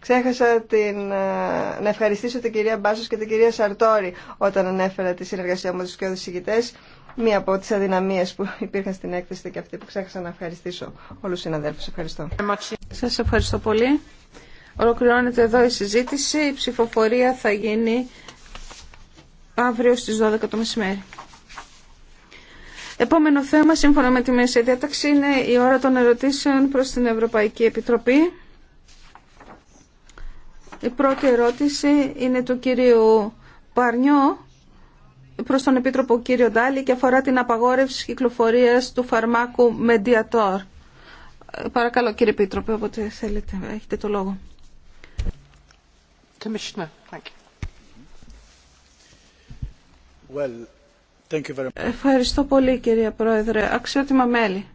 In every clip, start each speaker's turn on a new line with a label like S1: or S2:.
S1: Ξέχασα την, ε, να ευχαριστήσω την κυρία Μπάσο και την κυρία Σαρτόρη όταν ανέφερα τη συνεργασία μου με του κοιόδη Μία από τι αδυναμίε που υπήρχαν στην έκθεση και αυτή που ξέχασα να ευχαριστήσω όλου του συναδέλφου. Ευχαριστώ. Σα ευχαριστώ πολύ.
S2: Ολοκληρώνεται εδώ η συζήτηση. Η ψηφοφορία θα γίνει αύριο στις 12 το μεσημέρι. Επόμενο θέμα, σύμφωνα με τη Μέση Διάταξη, είναι η ώρα των ερωτήσεων προς την Ευρωπαϊκή Επιτροπή. Η πρώτη ερώτηση είναι του κυρίου Παρνιό προς τον Επίτροπο κύριο Ντάλη και αφορά την απαγόρευση κυκλοφορίας του φαρμάκου Mediator. Παρακαλώ κύριε Επίτροπε, όποτε θέλετε, έχετε το λόγο. Ευχαριστώ πολύ κυρία Πρόεδρε. Αξιότιμα μέλη.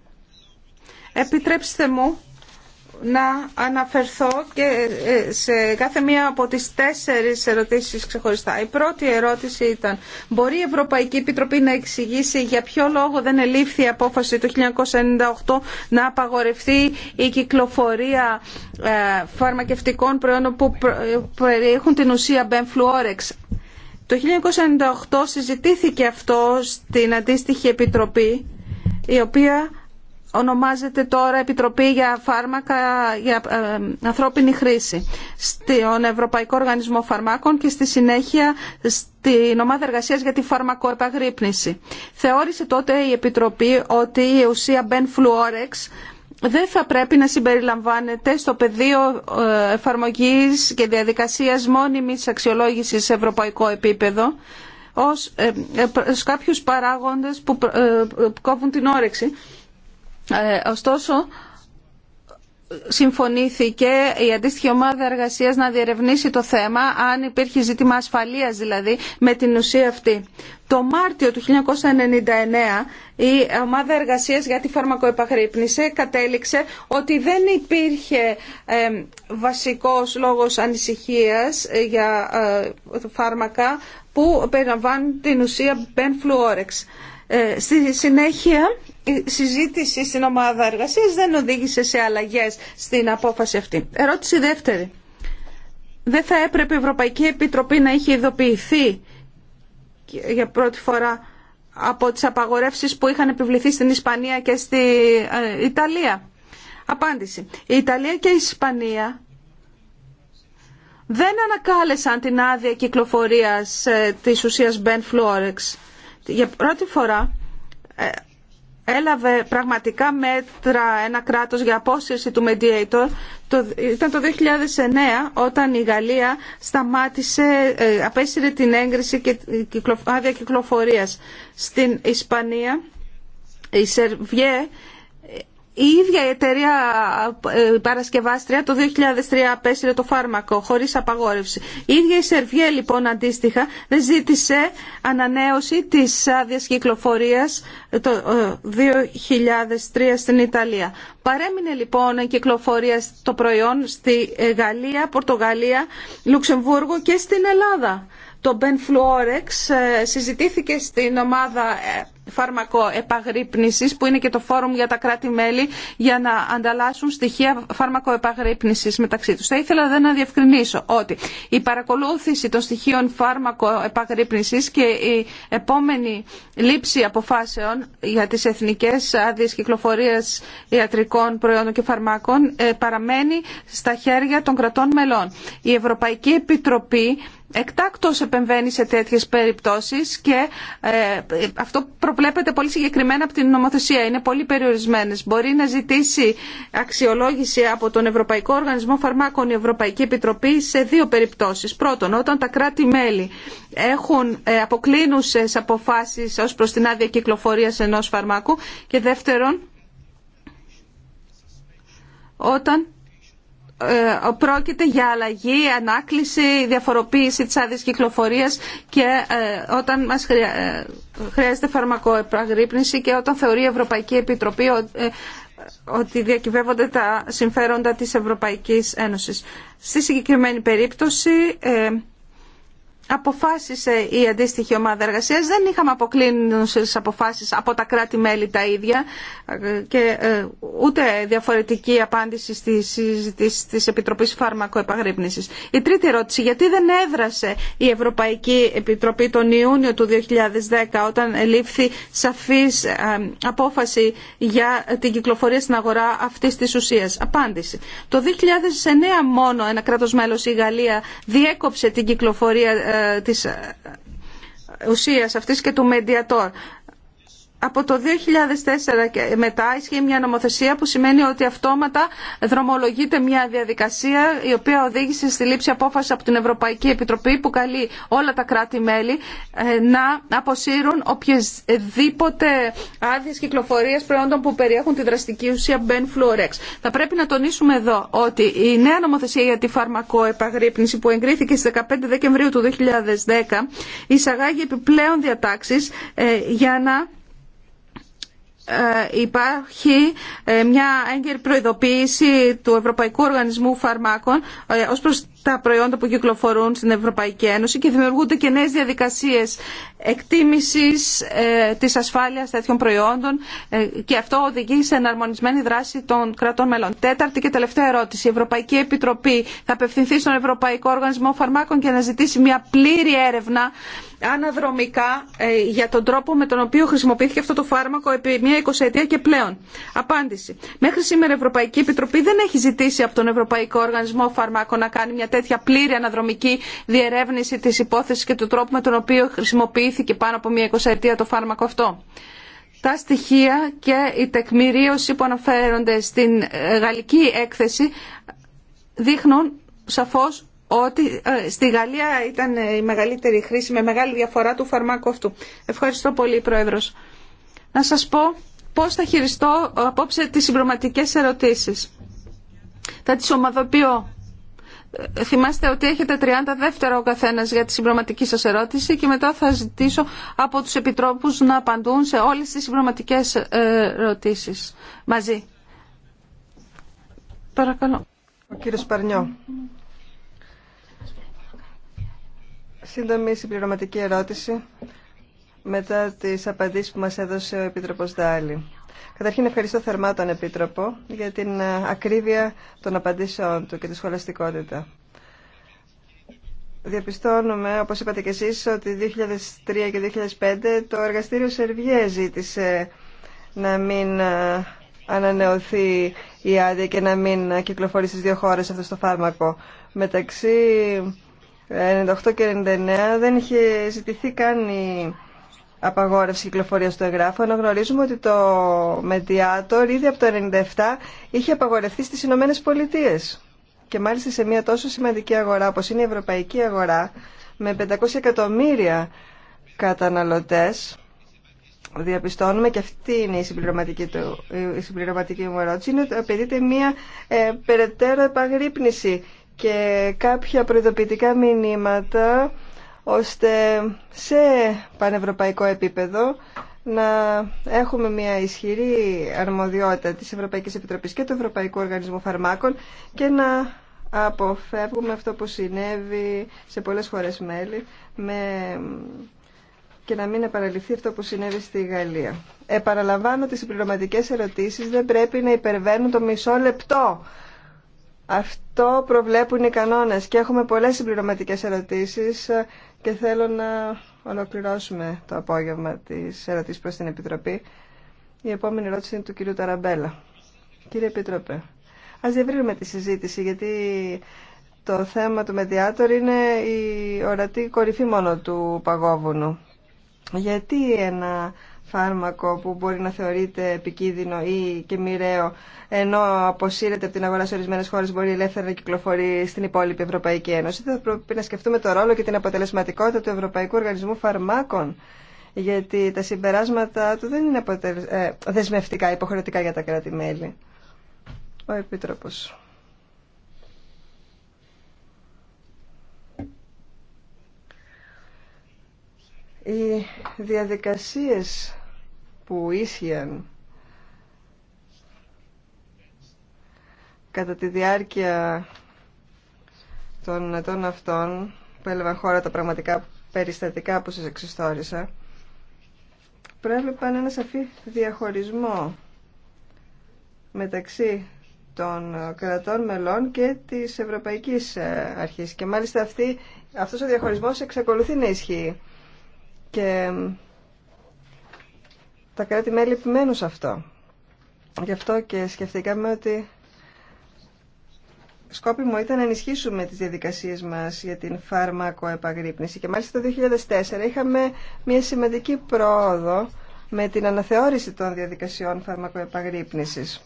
S2: Επιτρέψτε μου να αναφερθώ και ε, σε κάθε μία από τις τέσσερις ερωτήσεις ξεχωριστά. Η πρώτη ερώτηση ήταν, μπορεί η Ευρωπαϊκή Επιτροπή να εξηγήσει για ποιο λόγο δεν ελήφθη η απόφαση το 1998 να απαγορευτεί η κυκλοφορία ε, φαρμακευτικών προϊόντων που ε, περιέχουν την ουσία Benfluorex. Το 1998 συζητήθηκε αυτό στην αντίστοιχη επιτροπή, η οποία ονομάζεται τώρα Επιτροπή για Φάρμακα για ε, Ανθρώπινη Χρήση στον Ευρωπαϊκό Οργανισμό Φαρμάκων και στη συνέχεια στην Ομάδα Εργασίας για τη Φαρμακοεπαγρύπνηση. Θεώρησε τότε η Επιτροπή ότι η ουσία Ben Fluorex δεν θα πρέπει να συμπεριλαμβάνεται στο πεδίο ε, εφαρμογής και διαδικασίας μόνιμης αξιολόγησης σε ευρωπαϊκό επίπεδο ως, ε, ε, κάποιους παράγοντες που ε, κόβουν την όρεξη ε, ωστόσο, συμφωνήθηκε η αντίστοιχη ομάδα εργασίας να διερευνήσει το θέμα αν υπήρχε ζήτημα ασφαλείας δηλαδή με την ουσία αυτή. Το Μάρτιο του 1999 η ομάδα εργασίας για τη φαρμακοεπαχρύπνηση κατέληξε ότι δεν υπήρχε ε, βασικός λόγος ανησυχίας ε, για ε, φάρμακα που περιλαμβάνουν την ουσία Benfluorex. Ε, στη συνέχεια η συζήτηση στην ομάδα εργασία δεν οδήγησε σε αλλαγέ στην απόφαση αυτή. Ερώτηση δεύτερη. Δεν θα έπρεπε η Ευρωπαϊκή Επιτροπή να είχε ειδοποιηθεί για πρώτη φορά από τις απαγορεύσεις που είχαν επιβληθεί στην Ισπανία και στη ε, Ιταλία. Απάντηση. Η Ιταλία και η Ισπανία δεν ανακάλεσαν την άδεια κυκλοφορίας ε, της ουσίας Ben Fluorex. Για πρώτη φορά ε, έλαβε πραγματικά μέτρα ένα κράτος για απόσυρση του Mediator το, ήταν το 2009 όταν η Γαλλία σταμάτησε, ε, απέσυρε την έγκριση και ε, κυκλο, άδεια κυκλοφορίας. Στην Ισπανία η Σερβιέ η ίδια η εταιρεία ε, η παρασκευάστρια το 2003 απέσυρε το φάρμακο χωρίς απαγόρευση. Η ίδια η Σερβιέ λοιπόν αντίστοιχα δεν ζήτησε ανανέωση της άδεια κυκλοφορίας το 2003 ε, στην Ιταλία. Παρέμεινε λοιπόν η κυκλοφορία το προϊόν στη ε, Γαλλία, Πορτογαλία, Λουξεμβούργο και στην Ελλάδα. Το Benfluorex συζητήθηκε στην ομάδα φάρμακο επαγρύπνησης που είναι και το φόρουμ για τα κράτη-μέλη για να ανταλλάσσουν στοιχεία φάρμακο επαγρύπνησης μεταξύ τους. Θα ήθελα να διευκρινίσω ότι η παρακολούθηση των στοιχείων φάρμακο επαγρύπνησης και η επόμενη λήψη αποφάσεων για τις εθνικές άδειε κυκλοφορίας ιατρικών προϊόντων και φαρμάκων ε, παραμένει στα χέρια των κρατών μελών. Η Ευρωπαϊκή Επιτροπή εκτάκτως επεμβαίνει σε τέτοιες περιπτώσεις και ε, αυτό βλέπετε πολύ συγκεκριμένα από την νομοθεσία. Είναι πολύ περιορισμένες. Μπορεί να ζητήσει αξιολόγηση από τον Ευρωπαϊκό Οργανισμό Φαρμάκων η Ευρωπαϊκή Επιτροπή σε δύο περιπτώσεις. Πρώτον, όταν τα κράτη-μέλη έχουν ε, αποκλίνουσες αποφάσει ω προ την άδεια κυκλοφορία ενό φαρμάκου και δεύτερον, όταν ε, πρόκειται για αλλαγή, ανάκληση, διαφοροποίηση της άδειας κυκλοφορίας και ε, όταν μας ε, χρειάζεται φαρμακοεπραγρύπνηση και όταν θεωρεί η Ευρωπαϊκή Επιτροπή ότι διακυβεύονται τα συμφέροντα της Ευρωπαϊκής Ένωσης. Στη συγκεκριμένη περίπτωση αποφάσισε η αντίστοιχη ομάδα εργασία. Δεν είχαμε αποκλίνουσε αποφάσει από τα κράτη-μέλη τα ίδια και ε, ούτε διαφορετική απάντηση στη συζήτηση της Φάρμακοεπαγρύπνησης. Η τρίτη ερώτηση, γιατί δεν έδρασε η Ευρωπαϊκή Επιτροπή τον Ιούνιο του 2010 όταν λήφθη σαφή ε, απόφαση για την κυκλοφορία στην αγορά αυτή τη ουσία. Απάντηση. Το 2009 μόνο ένα κράτος μέλος η Γαλλία διέκοψε την κυκλοφορία ε, ε, της ε, ουσίας αυτής και του Μεντιατόρ από το 2004 και μετά ισχύει μια νομοθεσία που σημαίνει ότι αυτόματα δρομολογείται μια διαδικασία η οποία οδήγησε στη λήψη απόφαση από την Ευρωπαϊκή Επιτροπή που καλεί όλα τα κράτη-μέλη ε, να αποσύρουν οποιασδήποτε άδειες κυκλοφορίας προϊόντων που περιέχουν τη δραστική ουσία Benfluorex. Θα πρέπει να τονίσουμε εδώ ότι η νέα νομοθεσία για τη φαρμακοεπαγρύπνηση που εγκρίθηκε στις 15 Δεκεμβρίου του 2010 εισαγάγει επιπλέον διατάξει ε, για να ε, υπάρχει ε, μια έγκαιρη προειδοποίηση του Ευρωπαϊκού Οργανισμού Φαρμάκων ε, ως προς τα προϊόντα που κυκλοφορούν στην Ευρωπαϊκή Ένωση και δημιουργούνται και νέες διαδικασίες εκτίμησης ε, της ασφάλειας τέτοιων προϊόντων ε, και αυτό οδηγεί σε εναρμονισμένη δράση των κρατών μελών. Τέταρτη και τελευταία ερώτηση. Η Ευρωπαϊκή Επιτροπή θα απευθυνθεί στον Ευρωπαϊκό Οργανισμό Φαρμάκων και να ζητήσει μια πλήρη έρευνα αναδρομικά ε, για τον τρόπο με τον οποίο χρησιμοποιήθηκε αυτό το φάρμακο επί μια εικοσαετία και πλέον. Απάντηση. Μέχρι σήμερα η Ευρωπαϊκή Επιτροπή δεν έχει ζητήσει από τον Ευρωπαϊκό Οργανισμό Φαρμάκων να κάνει μια τέτοια πλήρη αναδρομική διερεύνηση της υπόθεσης και του τρόπου με τον οποίο χρησιμοποιήθηκε πάνω από μία εικοσαετία το φάρμακο αυτό. Τα στοιχεία και η τεκμηρίωση που αναφέρονται στην γαλλική έκθεση δείχνουν σαφώς ότι ε, στη Γαλλία ήταν η μεγαλύτερη χρήση με μεγάλη διαφορά του φαρμάκου αυτού. Ευχαριστώ πολύ, Πρόεδρος. Να σας πω πώς θα χειριστώ απόψε τις συμπροματικές ερωτήσεις. Θα τις ομαδοποιώ θυμάστε ότι έχετε 30 δεύτερα ο καθένας για τη συμπληρωματική σας ερώτηση και μετά θα ζητήσω από τους επιτρόπους να απαντούν σε όλες τις συμπληρωματικές ε, ερωτήσεις
S1: μαζί. Παρακαλώ. Ο κύριος Παρνιό. Σύντομη συμπληρωματική ερώτηση μετά τις απαντήσεις που μας έδωσε ο Επίτροπος Δάλη. Καταρχήν ευχαριστώ θερμά τον Επίτροπο για την ε, ακρίβεια των απαντήσεών του και τη σχολαστικότητα. Διαπιστώνουμε, όπως είπατε και εσείς, ότι 2003 και 2005 το εργαστήριο Σερβιέ ζήτησε να μην ε, ανανεωθεί η άδεια και να μην κυκλοφορεί στις δύο χώρες αυτό το φάρμακο. Μεταξύ 98 ε, και 99 δεν είχε ζητηθεί καν η απαγόρευση κυκλοφορία του εγγράφου, ενώ γνωρίζουμε ότι το Mediator ήδη από το 1997 είχε απαγορευτεί στι Ηνωμένε Πολιτείε. Και μάλιστα σε μια τόσο σημαντική αγορά όπω είναι η ευρωπαϊκή αγορά, με 500 εκατομμύρια καταναλωτέ, διαπιστώνουμε και αυτή είναι η συμπληρωματική, του, η συμπληρωματική μου ερώτηση, είναι ότι απαιτείται μια ε, περαιτέρω επαγρύπνηση και κάποια προειδοποιητικά μηνύματα ώστε σε πανευρωπαϊκό επίπεδο να έχουμε μια ισχυρή αρμοδιότητα της Ευρωπαϊκής Επιτροπής και του Ευρωπαϊκού Οργανισμού Φαρμάκων και να αποφεύγουμε αυτό που συνέβη σε πολλές χώρες μέλη με... και να μην επαναληφθεί αυτό που συνέβη στη Γαλλία. Επαναλαμβάνω ότι οι συμπληρωματικές ερωτήσεις δεν πρέπει να υπερβαίνουν το μισό λεπτό. Αυτό προβλέπουν οι κανόνες και έχουμε πολλές συμπληρωματικές ερωτήσεις και θέλω να ολοκληρώσουμε το απόγευμα της ερωτής προς την Επιτροπή. Η επόμενη ερώτηση είναι του κυρίου Ταραμπέλα. Κύριε Επίτροπε, ας διευρύνουμε τη συζήτηση γιατί το θέμα του Μεδιάτορ είναι η ορατή κορυφή μόνο του παγόβουνου. Γιατί ένα φάρμακο που μπορεί να θεωρείται επικίνδυνο ή και μοιραίο, ενώ αποσύρεται από την αγορά σε ορισμένε χώρε, μπορεί ελεύθερα να κυκλοφορεί στην υπόλοιπη Ευρωπαϊκή Ένωση. Θα πρέπει να σκεφτούμε το ρόλο και την αποτελεσματικότητα του Ευρωπαϊκού Οργανισμού Φαρμάκων, γιατί τα συμπεράσματα του δεν είναι αποτελεσ... δεσμευτικά, υποχρεωτικά για τα κράτη-μέλη. Ο επίτροπο. οι διαδικασίες που ίσχυαν κατά τη διάρκεια των ετών αυτών που έλαβαν χώρα τα πραγματικά περιστατικά που σας εξιστόρισα προέβλεπαν ένα σαφή διαχωρισμό μεταξύ των κρατών μελών και της Ευρωπαϊκής ε, Αρχής. Και μάλιστα αυτή, αυτός ο διαχωρισμός εξακολουθεί να ισχύει τα κράτη-μέλη επιμένουν σε αυτό. Γι' αυτό και σκεφτήκαμε ότι μου ήταν να ενισχύσουμε τις διαδικασίες μας για την φαρμακο Και μάλιστα το 2004 είχαμε μια σημαντική πρόοδο με την αναθεώρηση των διαδικασιών φάρμακοεπαγρύπνησης.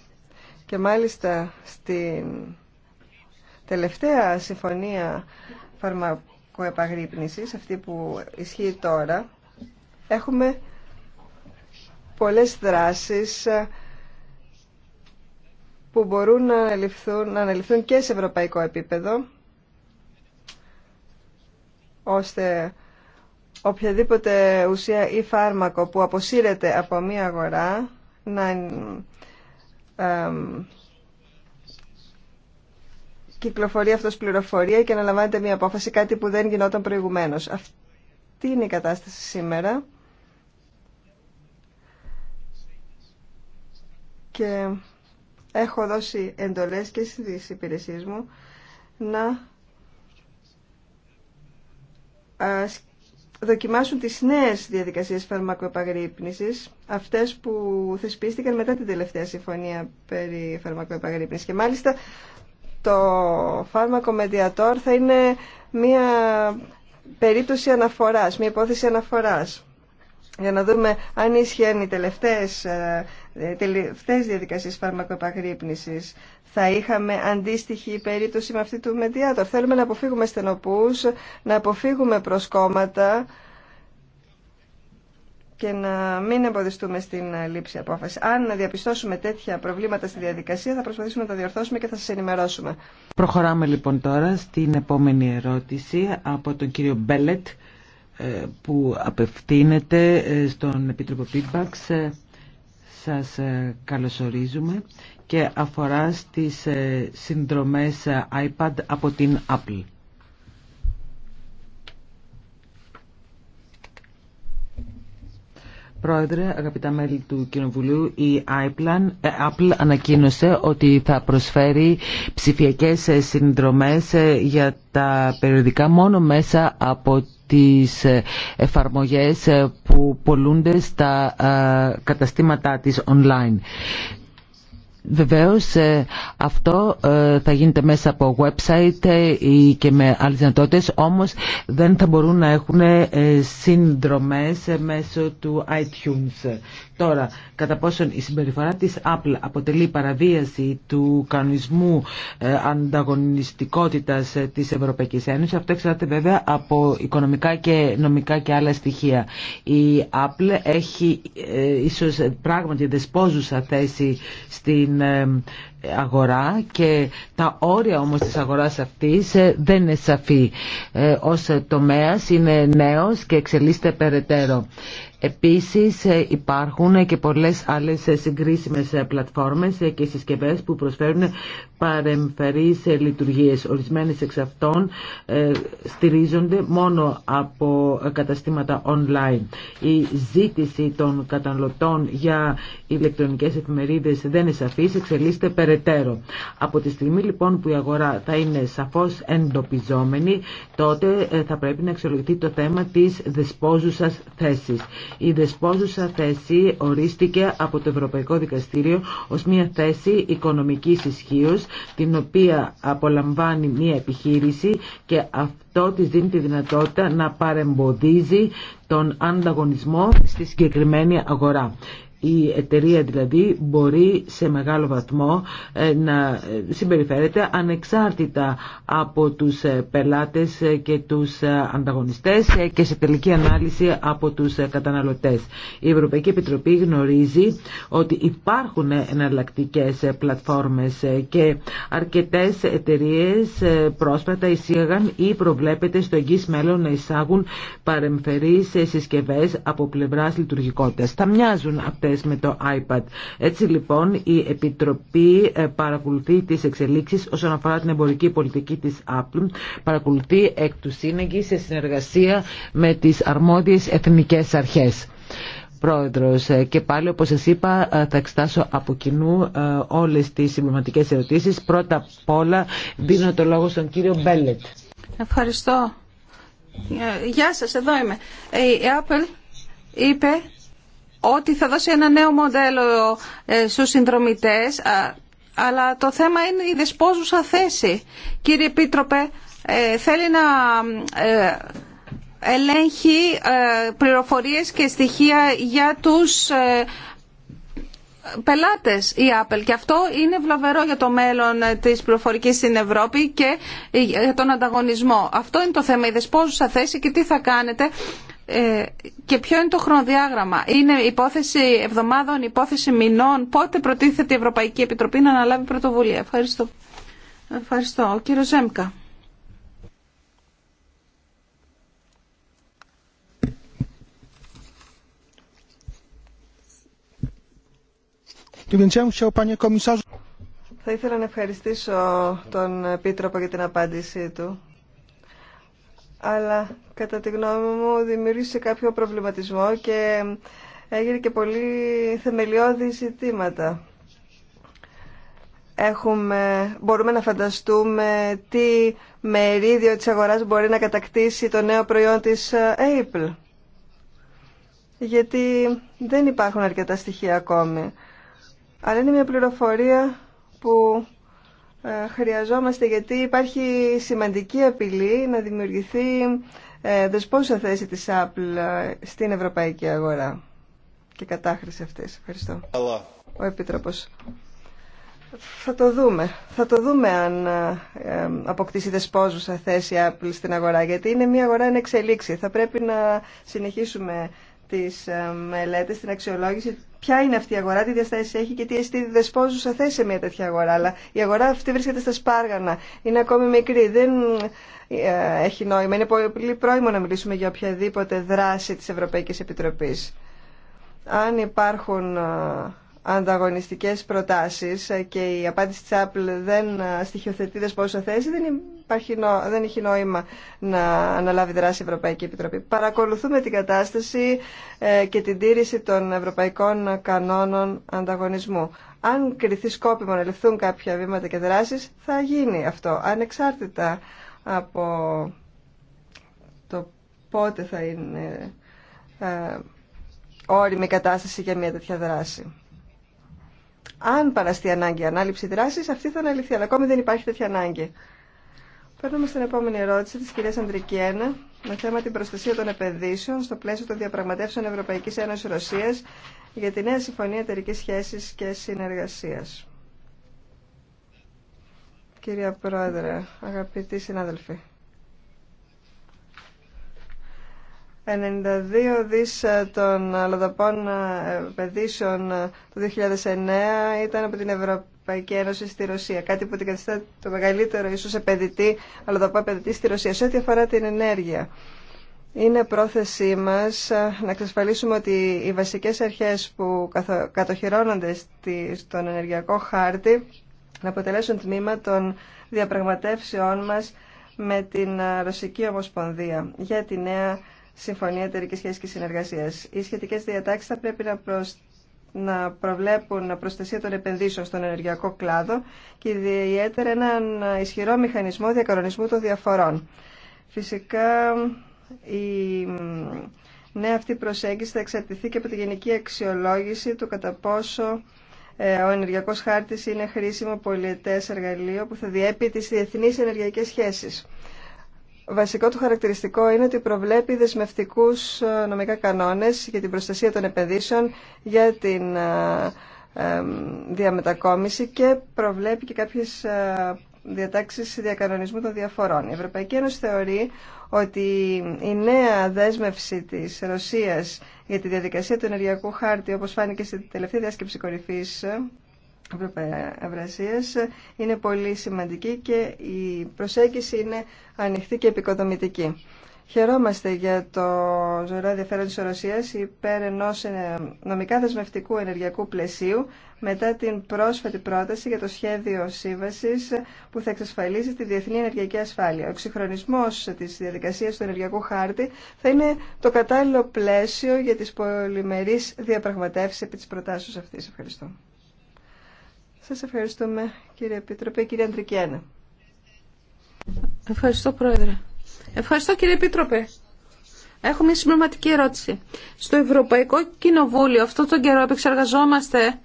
S1: Και μάλιστα στην τελευταία συμφωνία φάρμακοεπαγρύπνησης, αυτή που ισχύει τώρα, έχουμε πολλές δράσεις ε, που μπορούν να αναλυφθούν, να αναλυφθούν και σε ευρωπαϊκό επίπεδο ώστε οποιαδήποτε ουσία ή φάρμακο που αποσύρεται από μία αγορά να κυκλοφορεί αυτός πληροφορία και να λαμβάνεται μία απόφαση, κάτι που δεν γινόταν προηγουμένως. Αυτή είναι η κατάσταση σήμερα. και έχω δώσει εντολές και στις υπηρεσίες μου να δοκιμάσουν τις νέες διαδικασίες φαρμακοεπαγρύπνησης, αυτές που θεσπίστηκαν μετά την τελευταία συμφωνία περί φαρμακοεπαγρύπνησης. Και μάλιστα το φάρμακο Mediator θα είναι μια περίπτωση αναφοράς, μια υπόθεση αναφοράς για να δούμε αν ίσχυαν οι τελευταίες, ε, τελευταίες διαδικασίες φαρμακοεπαγρύπνησης. Θα είχαμε αντίστοιχη περίπτωση με αυτή του Μεντιάτορ. Θέλουμε να αποφύγουμε στενοπούς, να αποφύγουμε προσκόμματα και να μην εμποδιστούμε στην ε, λήψη απόφαση. Αν διαπιστώσουμε τέτοια προβλήματα στη διαδικασία, θα προσπαθήσουμε να τα διορθώσουμε και θα σας ενημερώσουμε.
S3: Προχωράμε λοιπόν τώρα στην επόμενη ερώτηση από τον κύριο Μπέλετ ε, που απευθύνεται ε, στον Επίτροπο Πίτμπαξ ε, σας καλωσορίζουμε και αφορά στις συνδρομές iPad από την Apple. Πρόεδρε, αγαπητά μέλη του Κοινοβουλίου, η ε, Apple, ανακοίνωσε ότι θα προσφέρει ψηφιακές ε, συνδρομές ε, για τα περιοδικά μόνο μέσα από τις εφαρμογές που πολλούνται στα καταστήματά της online. Βεβαίως ε, αυτό ε, θα γίνεται μέσα από website ε, ή και με άλλες δυνατότητες, όμως δεν θα μπορούν να έχουν συνδρομές μέσω του iTunes. Τώρα, κατά πόσον η συμπεριφορά της Apple αποτελεί παραβίαση του κανονισμού ανταγωνιστικότητας της Ευρωπαϊκής Ένωσης, αυτό εξαρτάται βέβαια από οικονομικά και νομικά και άλλα στοιχεία. Η Apple έχει ίσως πράγματι δεσπόζουσα θέση στην ε, αγορά και τα όρια όμως της αγοράς αυτής ε, δεν είναι σαφή. Ε, ως τομέας είναι νέος και εξελίσσεται περαιτέρω. Επίσης ε, υπάρχουν και πολλές άλλες ε, συγκρίσιμες ε, πλατφόρμες και συσκευές που προσφέρουν παρεμφερείς λειτουργίες. Ορισμένες εξ αυτών στηρίζονται μόνο από καταστήματα online. Η ζήτηση των καταναλωτών για ηλεκτρονικές εφημερίδες δεν είναι σαφής, εξελίσσεται περαιτέρω. Από τη στιγμή λοιπόν που η αγορά θα είναι σαφώς εντοπιζόμενη, τότε θα πρέπει να εξολογηθεί το θέμα της δεσπόζουσας θέσης. Η δεσπόζουσα θέση ορίστηκε από το Ευρωπαϊκό Δικαστήριο ως μια θέση οικονομικής ισχύω, την οποία απολαμβάνει μια επιχείρηση και αυτό της δίνει τη δυνατότητα να παρεμποδίζει τον ανταγωνισμό στη συγκεκριμένη αγορά η εταιρεία δηλαδή μπορεί σε μεγάλο βαθμό ε, να συμπεριφέρεται ανεξάρτητα από τους ε, πελάτες ε, και τους ανταγωνιστές και σε τελική ανάλυση από τους καταναλωτές. Η Ευρωπαϊκή Επιτροπή γνωρίζει ότι υπάρχουν εναλλακτικέ πλατφόρμες και αρκετές εταιρείες πρόσφατα εισήγαγαν ή προβλέπεται στο εγγύς μέλλον να εισάγουν παρεμφερείς συσκευές από πλευράς λειτουργικότητας. Θα μοιάζουν από με το iPad. Έτσι λοιπόν η Επιτροπή ε, παρακολουθεί τις εξελίξεις όσον αφορά την εμπορική πολιτική της Apple, παρακολουθεί εκ του σύνεγγυ σε συνεργασία με τις αρμόδιες εθνικές αρχές. Πρόεδρος. Ε, και πάλι, όπως σας είπα, ε, θα εξτάσω από κοινού όλες τις συμπληρωματικές ερωτήσεις. Πρώτα απ' όλα δίνω το λόγο στον κύριο Μπέλετ.
S2: Ευχαριστώ. Γεια σας, εδώ είμαι. Η Apple είπε ότι θα δώσει ένα νέο μοντέλο ε, στους συνδρομητές, αλλά το θέμα είναι η δεσπόζουσα θέση. Κύριε Επίτροπε, ε, θέλει να ε, ελέγχει πληροφορίες και στοιχεία για τους πελάτες η Apple και αυτό είναι βλαβερό για το μέλλον της πληροφορικής στην Ευρώπη και για τον ανταγωνισμό. Αυτό είναι το θέμα, η δεσπόζουσα θέση και τι θα κάνετε ε, και ποιο είναι το χρονοδιάγραμμα. Είναι υπόθεση εβδομάδων, υπόθεση μηνών. Πότε προτίθεται η Ευρωπαϊκή Επιτροπή να αναλάβει πρωτοβουλία. Ευχαριστώ. Ευχαριστώ. Ο κύριο Ζέμκα.
S1: Θα ήθελα να ευχαριστήσω τον Επίτροπο για την απάντησή του. Αλλά κατά τη γνώμη μου δημιούργησε κάποιο προβληματισμό και έγινε και πολύ θεμελιώδη ζητήματα. Έχουμε, μπορούμε να φανταστούμε τι μερίδιο της αγοράς μπορεί να κατακτήσει το νέο προϊόν της ε, Apple. Γιατί δεν υπάρχουν αρκετά στοιχεία ακόμη. Αλλά είναι μια πληροφορία που ε, χρειαζόμαστε γιατί υπάρχει σημαντική απειλή να δημιουργηθεί ε, δεσπόζουσα θέση της Apple ε, στην ευρωπαϊκή αγορά και κατάχρηση αυτής. Ευχαριστώ. Ο Επίτροπος. Θα το δούμε. Θα το δούμε αν ε, αποκτήσει δεσπόζουσα θέση Apple στην αγορά, γιατί είναι μια αγορά εν εξελίξη. Θα πρέπει να συνεχίσουμε τις ε, μελέτες, την αξιολόγηση, ποια είναι αυτή η αγορά, τι διαστάσεις έχει και τι τη δεσπόζουσα θέση σε μια τέτοια αγορά. Αλλά η αγορά αυτή βρίσκεται στα σπάργανα, είναι ακόμη μικρή, δεν ε, έχει νόημα. Είναι πολύ πρόημο να μιλήσουμε για οποιαδήποτε δράση της Ευρωπαϊκής Επιτροπής. Αν υπάρχουν ε, ανταγωνιστικές προτάσεις ε, και η απάντηση της Apple δεν ε, στοιχειοθετεί πόσο θέση, δεν, υπάρχει, δεν έχει νόημα να αναλάβει δράση η Ευρωπαϊκή Επιτροπή. Παρακολουθούμε την κατάσταση ε, και την τήρηση των ευρωπαϊκών κανόνων ανταγωνισμού. Αν κριθεί σκόπιμο να ληφθούν κάποια βήματα και δράσεις, θα γίνει αυτό, ανεξάρτητα από το πότε θα είναι όριμη κατάσταση για μια τέτοια δράση αν παραστεί ανάγκη ανάληψη δράση, αυτή θα αναλυθεί. Αλλά ακόμη δεν υπάρχει τέτοια ανάγκη. Παίρνουμε στην επόμενη ερώτηση τη κυρία Αντρικιένα με θέμα την προστασία των επενδύσεων στο πλαίσιο των διαπραγματεύσεων Ευρωπαϊκή Ένωση Ρωσία για τη νέα συμφωνία εταιρική σχέση και συνεργασία. Κυρία Πρόεδρε, αγαπητοί συνάδελφοι. 92 δις ε, των αλλοδαπών ε, παιδίσεων ε, το 2009 ήταν από την Ευρωπαϊκή Ένωση στη Ρωσία. Κάτι που την καθιστά το μεγαλύτερο ίσως επενδυτή, αλλοδαπά επενδυτή στη Ρωσία. Σε ό,τι αφορά την ενέργεια. Είναι πρόθεσή μας να εξασφαλίσουμε ότι οι βασικές αρχές που κατοχυρώνονται στον ενεργειακό χάρτη να αποτελέσουν τμήμα των διαπραγματεύσεών μας με την Ρωσική Ομοσπονδία για τη νέα Συμφωνία Εταιρική Σχέση και Συνεργασία. Οι σχετικέ διατάξει θα πρέπει να, να προβλέπουν προστασία των επενδύσεων στον ενεργειακό κλάδο και ιδιαίτερα έναν ισχυρό μηχανισμό διακαρονισμού των διαφορών. Φυσικά, η νέα αυτή προσέγγιση θα εξαρτηθεί και από τη γενική αξιολόγηση του κατά πόσο ε, ο ενεργειακός χάρτης είναι χρήσιμο πολιτες εργαλείο που θα διέπει τις διεθνεί ενεργειακές σχέσεις. Βασικό του χαρακτηριστικό είναι ότι προβλέπει δεσμευτικούς ε, νομικά κανόνες για την προστασία των επενδύσεων, για την ε, ε, διαμετακόμιση και προβλέπει και κάποιες διατάξεις διακανονισμού των διαφορών. Η Ευρωπαϊκή Ένωση θεωρεί ότι η νέα δέσμευση της Ρωσίας για τη διαδικασία του ενεργειακού χάρτη, όπω φάνηκε στη τελευταία διάσκεψη κορυφής Ευρασίας είναι πολύ σημαντική και η προσέγγιση είναι ανοιχτή και επικοδομητική. Χαιρόμαστε για το ζωηρό ενδιαφέρον της Ρωσίας υπέρ ενός ε, νομικά δεσμευτικού ενεργειακού πλαισίου μετά την πρόσφατη πρόταση για το σχέδιο σύμβασης που θα εξασφαλίσει τη διεθνή ενεργειακή ασφάλεια. Ο εξυγχρονισμός της διαδικασίας του ενεργειακού χάρτη θα είναι το κατάλληλο πλαίσιο για τις πολυμερείς διαπραγματεύσεις επί της προτάσεως αυτής. Ευχαριστώ. Σας ευχαριστούμε κύριε Επίτροπε. Κύριε Αντρικιάννα.
S2: Ευχαριστώ Πρόεδρε. Ευχαριστώ κύριε Επίτροπε. Έχω μια συμπληρωματική ερώτηση. Στο Ευρωπαϊκό Κοινοβούλιο αυτό τον καιρό επεξεργαζόμαστε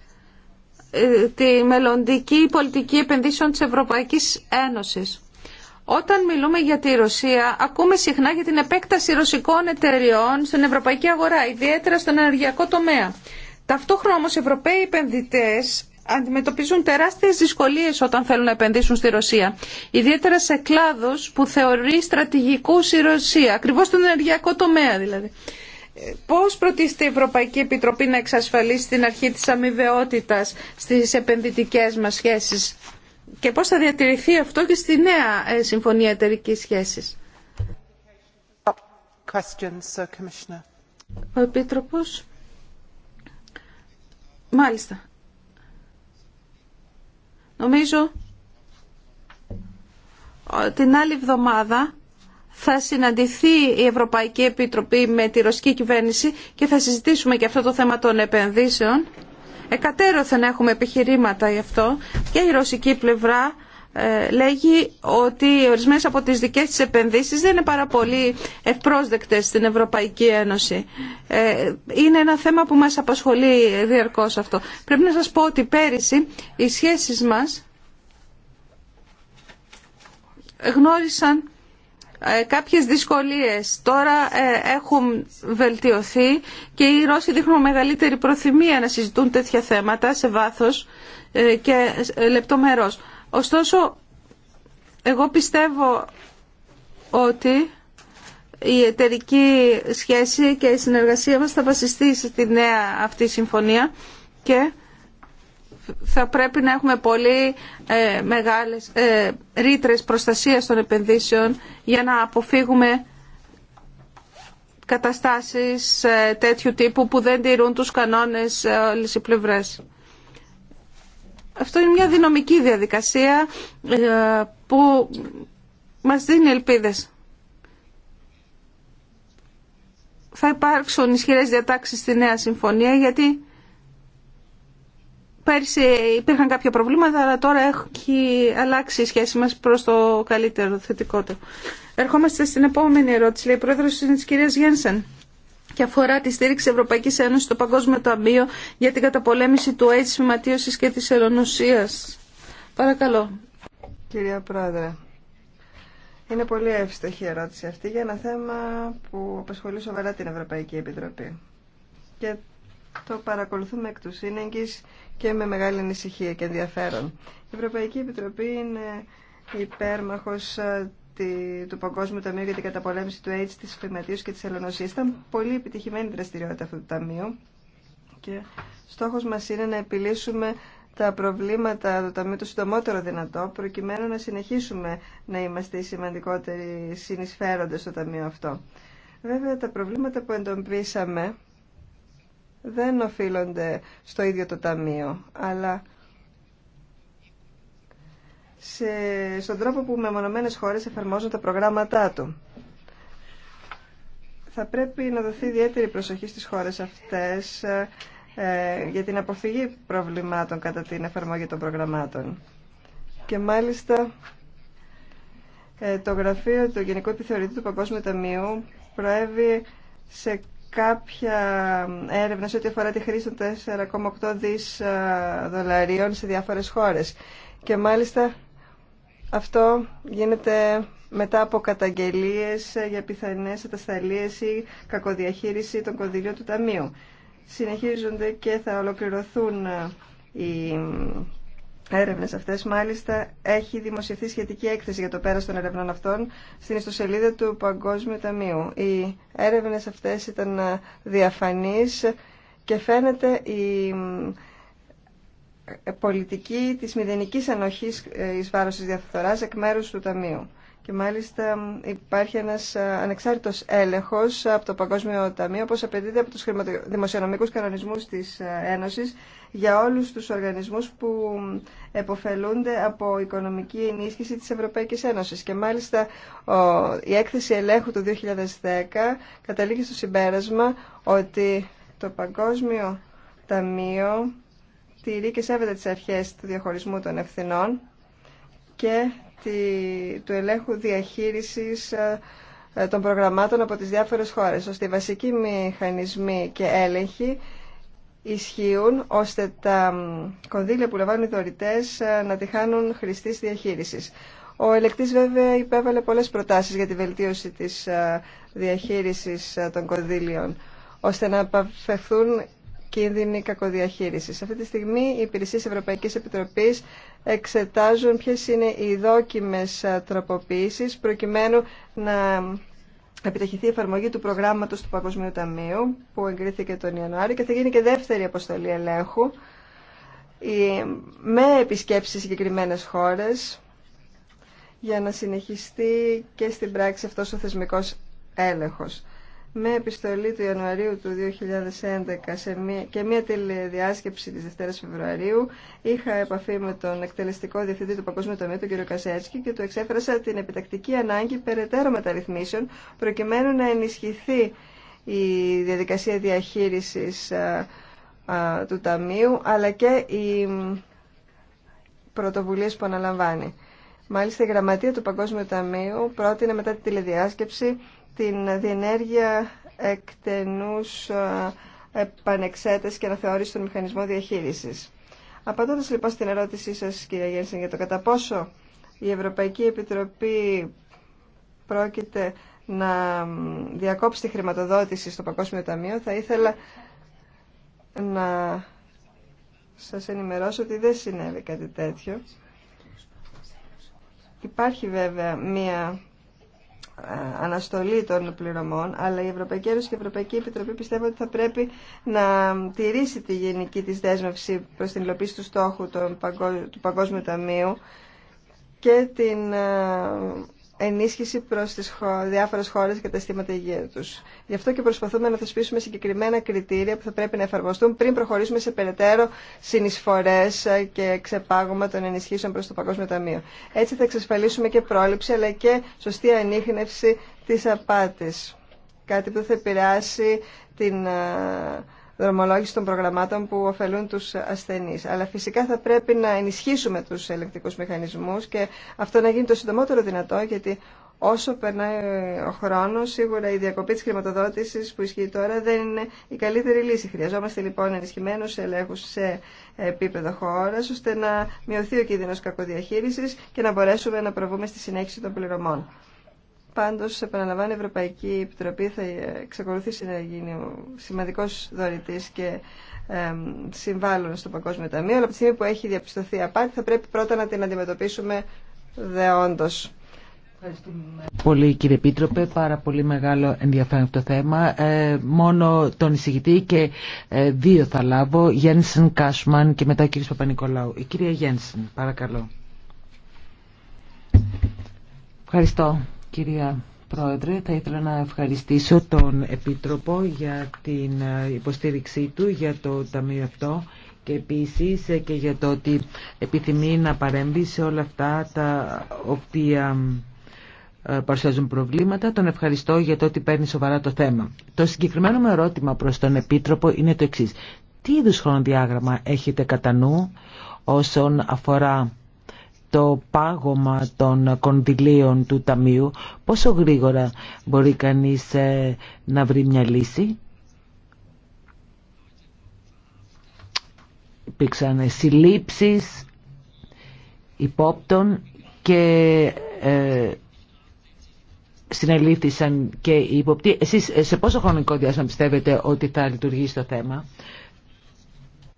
S2: ε, τη μελλοντική πολιτική επενδύσεων της Ευρωπαϊκής Ένωσης. Όταν μιλούμε για τη Ρωσία, ακούμε συχνά για την επέκταση ρωσικών εταιριών στην ευρωπαϊκή αγορά, ιδιαίτερα στον ενεργειακό τομέα. Ταυτόχρονα όμως Ευρωπαίοι επενδυτές αντιμετωπίζουν τεράστιες δυσκολίες όταν θέλουν να επενδύσουν στη Ρωσία. Ιδιαίτερα σε κλάδους που θεωρεί στρατηγικούς η Ρωσία, ακριβώς στον ενεργειακό τομέα δηλαδή. Πώς προτίθεται η Ευρωπαϊκή Επιτροπή να εξασφαλίσει την αρχή της αμοιβαιότητας στις επενδυτικές μας σχέσεις και πώς θα διατηρηθεί αυτό και στη νέα ε, Συμφωνία Εταιρικής Σχέσης. Ο Επίτροπος. Μάλιστα. Νομίζω την άλλη εβδομάδα θα συναντηθεί η Ευρωπαϊκή Επιτροπή με τη Ρωσική Κυβέρνηση και θα συζητήσουμε και αυτό το θέμα των επενδύσεων. Εκατέρωθεν έχουμε επιχειρήματα γι' αυτό και η ρωσική πλευρά ε, λέγει ότι ορισμένες από τις δικές της επενδύσεις δεν είναι πάρα πολύ ευπρόσδεκτες στην Ευρωπαϊκή Ένωση. Ε, είναι ένα θέμα που μας απασχολεί διαρκώς αυτό. Πρέπει να σας πω ότι πέρυσι οι σχέσεις μας γνώρισαν ε, κάποιες δυσκολίες. Τώρα έχουν βελτιωθεί και οι Ρώσοι δείχνουν μεγαλύτερη προθυμία να συζητούν τέτοια θέματα σε βάθος και λεπτομερώς. Ωστόσο, εγώ πιστεύω ότι η εταιρική σχέση και η συνεργασία μας θα βασιστεί στη νέα αυτή συμφωνία και θα πρέπει να έχουμε πολύ ε, μεγάλες ε, ρήτρες προστασίας των επενδύσεων για να αποφύγουμε καταστάσεις ε, τέτοιου τύπου που δεν τηρούν τους κανόνες ε, όλες οι πλευρές. Αυτό είναι μια δυναμική διαδικασία ε, που μας δίνει ελπίδες. Θα υπάρξουν ισχυρές διατάξεις στη νέα συμφωνία γιατί πέρσι υπήρχαν κάποια προβλήματα αλλά τώρα έχει αλλάξει η σχέση μας προς το καλύτερο, θετικότερο. Ερχόμαστε στην επόμενη ερώτηση. η πρόεδρος είναι της κυρίας Γένσεν και αφορά τη στήριξη Ευρωπαϊκής Ένωσης στο Παγκόσμιο Ταμείο για την καταπολέμηση του AIDS, φυματίωση και τη ελονοσίας.
S1: Παρακαλώ. Κυρία Πρόεδρε, είναι πολύ εύστοχη η ερώτηση αυτή για ένα θέμα που απασχολεί σοβαρά την Ευρωπαϊκή Επιτροπή. Και το παρακολουθούμε εκ του σύνεγγυς και με μεγάλη ανησυχία και ενδιαφέρον. Η Ευρωπαϊκή Επιτροπή είναι υπέρμαχος ε, του Παγκόσμιου Ταμείου για την καταπολέμηση του AIDS, της κλιματίους και της Ελλονοσία. Ήταν πολύ επιτυχημένη δραστηριότητα αυτού του Ταμείου και στόχος μας είναι να επιλύσουμε τα προβλήματα του Ταμείου το συντομότερο δυνατό, προκειμένου να συνεχίσουμε να είμαστε οι σημαντικότεροι συνεισφέροντες στο Ταμείο αυτό. Βέβαια, τα προβλήματα που εντοπίσαμε δεν οφείλονται στο ίδιο το Ταμείο, αλλά σε, στον τρόπο που μεμονωμένες χώρες εφαρμόζουν τα προγράμματά του. Θα πρέπει να δοθεί ιδιαίτερη προσοχή στις χώρες αυτές ε, για την αποφυγή προβλημάτων κατά την εφαρμογή των προγραμμάτων. Και μάλιστα ε, το γραφείο του Γενικού Επιθεωρητή του Παγκόσμιου Ταμείου προέβη σε κάποια έρευνα σε ό,τι αφορά τη χρήση των 4,8 δις ε, δολαρίων σε διάφορες χώρες. Και μάλιστα αυτό γίνεται μετά από καταγγελίες για πιθανές ατασταλίες ή κακοδιαχείριση των κονδυλίων του Ταμείου. Συνεχίζονται και θα ολοκληρωθούν ε, οι έρευνες αυτές. Μάλιστα έχει δημοσιευθεί σχετική έκθεση για το πέρας των ερευνών αυτών στην ιστοσελίδα του Παγκόσμιου Ταμείου. Οι έρευνες αυτές ήταν ε, διαφανείς και φαίνεται η ε, πολιτική της μηδενικής ανοχής ε, εις βάρος της διαφθοράς εκ μέρους του Ταμείου. Και μάλιστα υπάρχει ένας ε, ανεξάρτητος έλεγχος από το Παγκόσμιο Ταμείο, όπως απαιτείται από τους δημοσιονομικούς κανονισμούς της Ένωσης, για όλους τους οργανισμούς που εποφελούνται από οικονομική ενίσχυση της Ευρωπαϊκής Ένωσης. Και μάλιστα η έκθεση ελέγχου του 2010 καταλήγει στο συμπέρασμα ότι το Παγκόσμιο Ταμείο τηρεί και σέβεται τις αρχές του διαχωρισμού των ευθυνών και του ελέγχου διαχείρισης ε, ε, των προγραμμάτων από τις διάφορες χώρες, ώστε οι βασικοί μηχανισμοί και έλεγχοι ισχύουν ώστε τα κονδύλια που λαμβάνουν οι δωρητές ε, να τη χάνουν χρηστής διαχείρισης. Ο ελεκτής βέβαια υπέβαλε πολλές προτάσεις για τη βελτίωση της διαχείρισης των κονδύλιων, ώστε να απαφευθούν κίνδυνοι κακοδιαχείρισης. Αυτή τη στιγμή οι υπηρεσίες Ευρωπαϊκής Επιτροπής εξετάζουν ποιες είναι οι δόκιμες τροποποιήσεις προκειμένου να επιταχυθεί η εφαρμογή του προγράμματος του Παγκοσμίου Ταμείου που εγκρίθηκε τον Ιανουάριο και θα γίνει και δεύτερη αποστολή ελέγχου με επισκέψεις σε συγκεκριμένες χώρες για να συνεχιστεί και στην πράξη αυτός ο θεσμικός έλεγχος με επιστολή του Ιανουαρίου του 2011 και μια τηλεδιάσκεψη της Δευτέρας Φεβρουαρίου είχα επαφή με τον εκτελεστικό διευθυντή του Παγκόσμιου Ταμείου, τον κ. Κασέτσκι και του εξέφρασα την επιτακτική ανάγκη περαιτέρω μεταρρυθμίσεων προκειμένου να ενισχυθεί η διαδικασία διαχείρισης του Ταμείου αλλά και οι πρωτοβουλίες που αναλαμβάνει. Μάλιστα η Γραμματεία του Παγκόσμιου Ταμείου πρότεινε μετά τη τηλεδιάσκεψη την διενέργεια εκτενούς ε, επανεξέταση και να θεωρήσει τον μηχανισμό διαχείρισης. Απαντώντας λοιπόν στην ερώτησή σας κυρία Γένσεν για το κατά πόσο η Ευρωπαϊκή Επιτροπή πρόκειται να διακόψει τη χρηματοδότηση στο Παγκόσμιο Ταμείο, θα ήθελα να σας ενημερώσω ότι δεν συνέβη κάτι τέτοιο. Υπάρχει βέβαια μία αναστολή των πληρωμών, αλλά η Ευρωπαϊκή Ένωση και η Ευρωπαϊκή Επιτροπή πιστεύω ότι θα πρέπει να τηρήσει τη γενική της δέσμευση προς την υλοποίηση του στόχου του Παγκόσμιου Ταμείου και την ε, ενίσχυση προς τις διάφορες χώρες και τα αισθήματα υγεία τους. Γι' αυτό και προσπαθούμε να θεσπίσουμε συγκεκριμένα κριτήρια που θα πρέπει να εφαρμοστούν πριν προχωρήσουμε σε περαιτέρω συνεισφορές ε, και ξεπάγωμα των ενισχύσεων προς το Παγκόσμιο Ταμείο. Έτσι θα εξασφαλίσουμε και πρόληψη αλλά και σωστή ανείχνευση της απάτης. Κάτι που θα επηρεάσει την ε, δρομολόγηση των προγραμμάτων που ωφελούν τους ασθενείς. Αλλά φυσικά θα πρέπει να ενισχύσουμε τους ελεκτικούς μηχανισμούς και αυτό να γίνει το συντομότερο δυνατό γιατί όσο περνάει ο χρόνος σίγουρα η διακοπή της χρηματοδότησης που ισχύει τώρα δεν είναι η καλύτερη λύση. Χρειαζόμαστε λοιπόν ενισχυμένους ελέγχους σε επίπεδο χώρας ώστε να μειωθεί ο κίνδυνος κακοδιαχείρισης και να μπορέσουμε να προβούμε στη συνέχιση των πληρωμών. Πάντως, επαναλαμβάνω, η Ευρωπαϊκή Επιτροπή θα εξακολουθήσει να γίνει σημαντικός δωρητής και ε, συμβάλλον στο Παγκόσμιο Ταμείο, αλλά από τη στιγμή που έχει διαπιστωθεί απάτη θα πρέπει πρώτα να την αντιμετωπίσουμε δεόντως.
S3: Πολύ κύριε επίτροπε, πάρα πολύ μεγάλο ενδιαφέρον αυτό το θέμα. Ε, μόνο τον εισηγητή και ε, δύο θα λάβω, Γένσεν Κάσμαν και μετά ο κύριος Παπα-Νικολάου. Η κυρία Γένσεν, παρακαλώ. Ευχαριστώ. Κυρία Πρόεδρε, θα ήθελα να ευχαριστήσω τον Επίτροπο για την ε, υποστήριξή του για το Ταμείο αυτό και επίσης ε, και για το ότι επιθυμεί να παρέμβει σε όλα αυτά τα οποία ε, παρουσιάζουν προβλήματα. Τον ευχαριστώ για το ότι παίρνει σοβαρά το θέμα. Το συγκεκριμένο μου ερώτημα προς τον Επίτροπο είναι το εξής. Τι είδους χρονοδιάγραμμα έχετε κατά νου όσον αφορά το πάγωμα των κονδυλίων του Ταμείου, πόσο γρήγορα μπορεί κανείς ε, να βρει μια λύση. Υπήρξαν συλλήψεις υπόπτων και ε, συνελήφθησαν και οι Εσείς ε, σε πόσο χρονικό διάστημα πιστεύετε ότι θα λειτουργήσει το θέμα.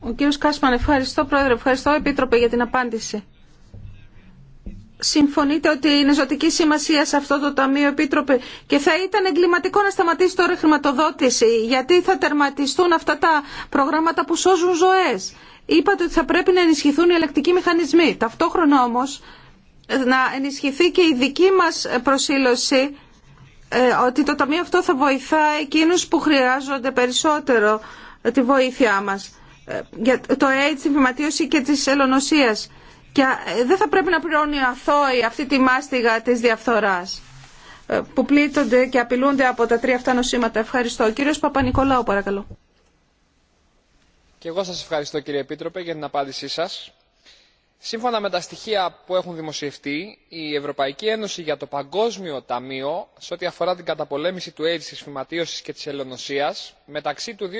S2: Ο κύριος Κάσμαν, ευχαριστώ πρόεδρε, ευχαριστώ επίτροπε για την απάντηση συμφωνείτε ότι είναι ζωτική σημασία σε αυτό το Ταμείο Επίτροπε και θα ήταν εγκληματικό να σταματήσει τώρα η χρηματοδότηση γιατί θα τερματιστούν αυτά τα προγράμματα που σώζουν ζωές. Είπατε ότι θα πρέπει να ενισχυθούν οι ελεκτικοί μηχανισμοί. Ταυτόχρονα όμως να ενισχυθεί και η δική μας προσήλωση ε, ότι το Ταμείο αυτό θα βοηθά εκείνους που χρειάζονται περισσότερο ε, τη βοήθειά μας. Ε, για το AIDS, τη και της ελονοσίας και ε, δεν θα πρέπει να πληρώνει αθώοι αυτή τη μάστιγα της διαφθοράς ε, που πλήττονται και απειλούνται από τα τρία αυτά νοσήματα. Ευχαριστώ. κύριος Παπα-Νικολάου παρακαλώ.
S4: Και εγώ σας ευχαριστώ κύριε Επίτροπε για την απάντησή σας. Σύμφωνα με τα στοιχεία που έχουν δημοσιευτεί, η Ευρωπαϊκή Ένωση για το Παγκόσμιο Ταμείο σε ό,τι αφορά την καταπολέμηση του AIDS, της φυματίωσης και της ελαιονοσίας μεταξύ του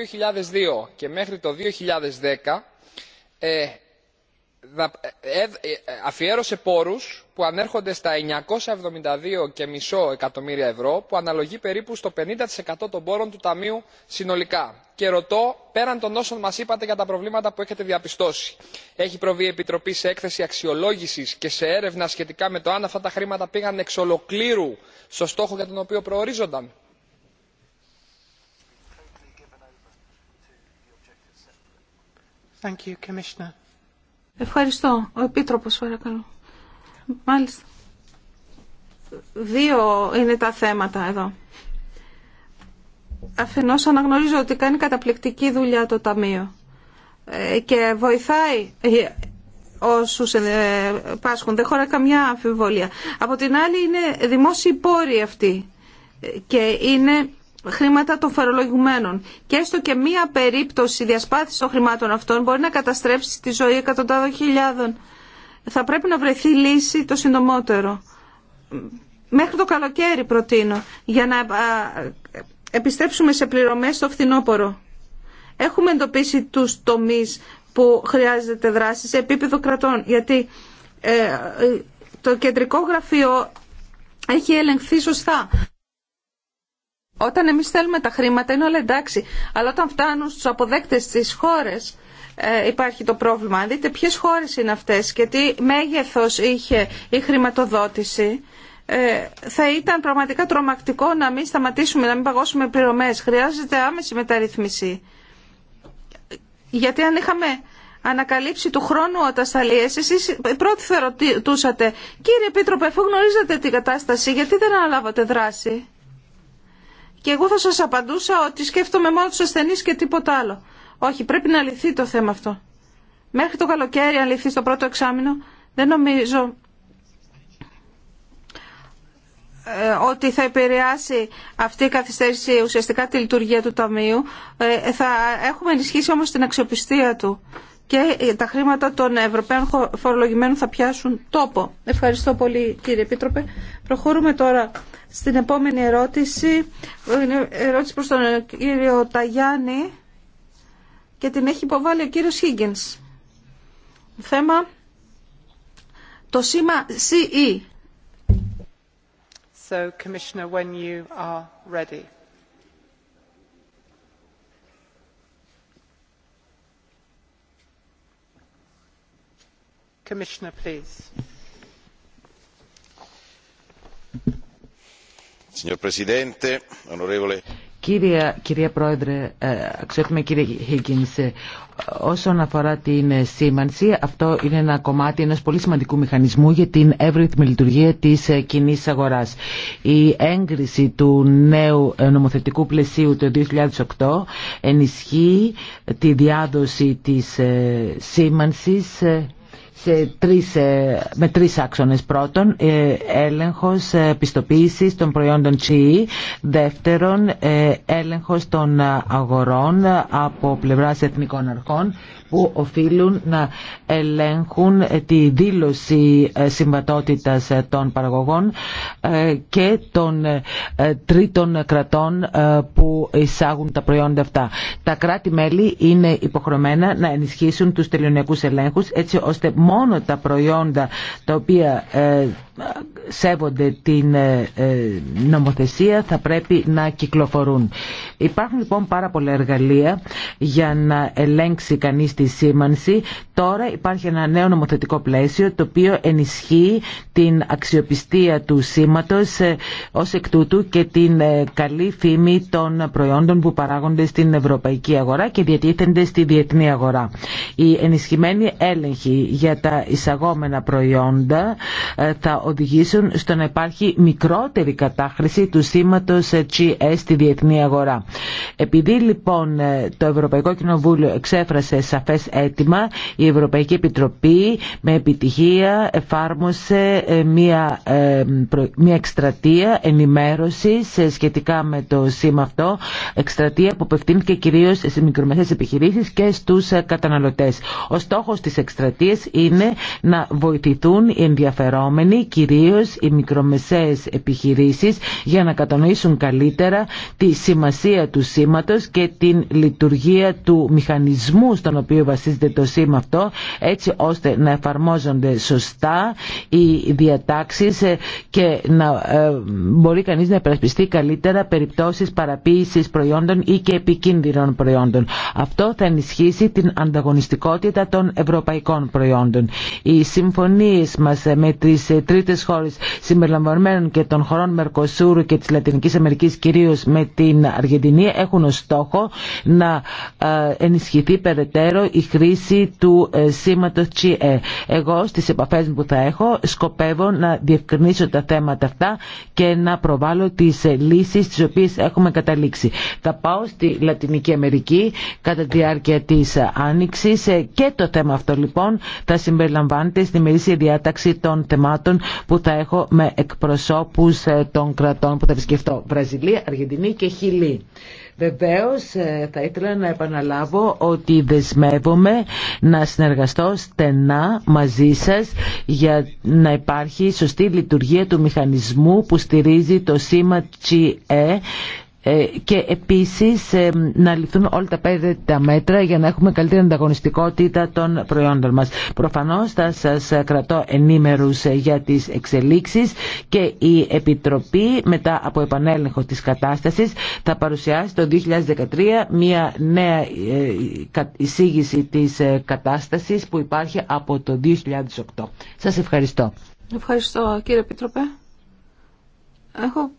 S4: 2002 και μέχρι το 2010 ε, ε, ε, αφιέρωσε πόρους που ανέρχονται στα 972,5 εκατομμύρια ευρώ που αναλογεί περίπου στο 50% των πόρων του Ταμείου συνολικά. Και ρωτώ, πέραν των όσων μας είπατε για τα προβλήματα που έχετε διαπιστώσει, έχει προβεί η Επιτροπή σε έκθεση αξιολόγησης και σε έρευνα σχετικά με το αν αυτά τα χρήματα πήγαν εξ ολοκλήρου στο στόχο για τον οποίο προορίζονταν.
S2: Ευχαριστώ. Ο Επίτροπος, παρακαλώ. Μάλιστα. Δύο είναι τα θέματα εδώ. Αφενός αναγνωρίζω ότι κάνει καταπληκτική δουλειά το Ταμείο ε, και βοηθάει ε, όσους ε, πάσχουν. Δεν χωράει καμιά αμφιβολία. Από την άλλη είναι δημόσιοι πόροι αυτοί και είναι χρήματα των φορολογουμένων. Και έστω και μία περίπτωση διασπάθηση των χρημάτων αυτών μπορεί να καταστρέψει τη ζωή εκατοντάδων χιλιάδων. Θα πρέπει να βρεθεί λύση το συντομότερο. Μέχρι το καλοκαίρι προτείνω για να επιστρέψουμε σε πληρωμές στο φθινόπωρο. Έχουμε εντοπίσει τους τομείς που χρειάζεται δράση σε επίπεδο κρατών. Γιατί ε, ε το κεντρικό γραφείο έχει ελεγχθεί σωστά. Όταν εμείς θέλουμε τα χρήματα είναι όλα εντάξει, αλλά όταν φτάνουν στους αποδέκτες της χώρες ε, υπάρχει το πρόβλημα. Αν δείτε ποιες χώρες είναι αυτές και τι μέγεθος είχε η χρηματοδότηση, ε, θα ήταν πραγματικά τρομακτικό να μην σταματήσουμε, να μην παγώσουμε πληρωμές. Χρειάζεται άμεση μεταρρυθμίση. Γιατί αν είχαμε ανακαλύψει του χρόνου ατασταλίες, εσείς πρώτοι θα ρωτούσατε, κύριε Επίτροπε, εφού γνωρίζατε την κατάσταση, γιατί δεν αναλάβατε δράση και εγώ θα σας απαντούσα ότι σκέφτομαι μόνο τους ασθενείς και τίποτα άλλο. Όχι, πρέπει να λυθεί το θέμα αυτό. Μέχρι το καλοκαίρι, αν λυθεί στο πρώτο εξάμεινο, δεν νομίζω ε, ότι θα επηρεάσει αυτή η καθυστέρηση ουσιαστικά τη λειτουργία του Ταμείου. Ε, θα έχουμε ενισχύσει όμως την αξιοπιστία του και ε, τα χρήματα των Ευρωπαίων φορολογημένων θα πιάσουν τόπο. Ευχαριστώ πολύ κύριε Επίτροπε. Προχωρούμε τώρα στην επόμενη ερώτηση. Ερώτηση προς τον κύριο Ταγιάννη και την έχει υποβάλει ο κύριος Higgins. Θέμα το σήμα CE. So, Commissioner,
S4: when you are ready.
S3: Κύριε, κυρία Πρόεδρε, ε, αξιότιμε κύριε Higgins, ε, όσον αφορά την σήμανση, αυτό είναι ένα κομμάτι ενός πολύ σημαντικού μηχανισμού για την εύρυθμη λειτουργία της ε, κοινή αγοράς. Η έγκριση του νέου νομοθετικού πλαισίου το 2008 ενισχύει τη διάδοση της σήμανσης ε, με τρεις άξονες. Πρώτον, ε, έλεγχος ε, πιστοποίησης των προϊόντων ΤΣΙΗ. Δεύτερον, έλεγχος των αγορών από πλευράς εθνικών αρχών που οφείλουν να ελέγχουν ε, τη δήλωση ε, συμβατότητας ε, των παραγωγών και των τρίτων κρατών που εισάγουν τα προϊόντα αυτά. Τα κράτη-μέλη είναι υποχρεωμένα να ενισχύσουν τους τελειωνιακούς ελέγχους έτσι ώστε μόνο τα προϊόντα τα οποία σέβονται την νομοθεσία θα πρέπει να κυκλοφορούν. Υπάρχουν λοιπόν πάρα πολλά εργαλεία για να ελέγξει κανείς στη σήμανση. Τώρα υπάρχει ένα νέο νομοθετικό πλαίσιο το οποίο ενισχύει την αξιοπιστία του σήματος ε, ως εκ τούτου και την ε, καλή φήμη των προϊόντων που παράγονται στην ευρωπαϊκή αγορά και διατίθενται στη διεθνή αγορά. Η ενισχυμένη έλεγχη για τα εισαγόμενα προϊόντα ε, θα οδηγήσουν στο να υπάρχει μικρότερη κατάχρηση του σήματος GS στη διεθνή αγορά. Επειδή λοιπόν το Ευρωπαϊκό Κοινοβούλιο εξέφρασε σαφές αίτημα η Ευρωπαϊκή Επιτροπή με επιτυχία εφάρμοσε ε, μια, ε, μια εκστρατεία ενημέρωσης ε, σχετικά με το σήμα αυτό εκστρατεία που απευθύνθηκε κυρίως σε μικρομεσαίες επιχειρήσεις και στους καταναλωτές. Ο στόχος της εκστρατείας είναι να βοηθηθούν οι ενδιαφερόμενοι κυρίως οι μικρομεσαίες επιχειρήσεις για να κατανοήσουν καλύτερα τη σημασία του σήματος και την λειτουργία του μηχανισμού στον οποίο βασίζεται το σήμα αυτό έτσι ώστε να εφαρμόζονται σωστά οι διατάξεις και να ε, μπορεί κανείς να επερασπιστεί καλύτερα περιπτώσεις παραποίησης προϊόντων ή και επικίνδυνων προϊόντων. Αυτό θα ενισχύσει την ανταγωνιστικότητα των ευρωπαϊκών προϊόντων. Οι συμφωνίες μας με τις τρίτες χώρες συμπεριλαμβανομένων και των χωρών Μερκοσούρου και της Λατινικής Αμερικής κυρίως με την Αργεντινή έχουν ως στόχο να ε, ενισχυθεί περαιτέρω η χρήση του ε, σήματος ΤΣΙΕ. E. Εγώ στις επαφές που θα έχω σκοπεύω να διευκρινίσω τα θέματα αυτά και να προβάλλω τις ε, λύσεις τις οποίες έχουμε καταλήξει. Θα πάω στη Λατινική Αμερική κατά τη διάρκεια της ε, Άνοιξης και το θέμα αυτό λοιπόν θα συμπεριλαμβάνεται στη μερίσια διάταξη των θεμάτων που θα έχω με εκπροσώπους των κρατών που θα επισκεφτώ Βραζιλία, Αργεντινή και Χιλή. Βεβαίως ε, θα ήθελα να επαναλάβω ότι δεσμεύομαι να συνεργαστώ στενά μαζί σας για να υπάρχει σωστή λειτουργία του μηχανισμού που στηρίζει το σήμα GE ε, και επίσης ε, να ληφθούν όλα τα πέντε τα μέτρα για να έχουμε καλύτερη ανταγωνιστικότητα των προϊόντων μας. Προφανώς θα σας κρατώ ενήμερους ε, για τις εξελίξεις και η Επιτροπή μετά από επανέλεγχο της κατάστασης θα παρουσιάσει το 2013 μια νέα εισήγηση της κατάστασης που υπάρχει από το 2008. Σας ευχαριστώ.
S2: Ευχαριστώ κύριε Επίτροπε. Έχω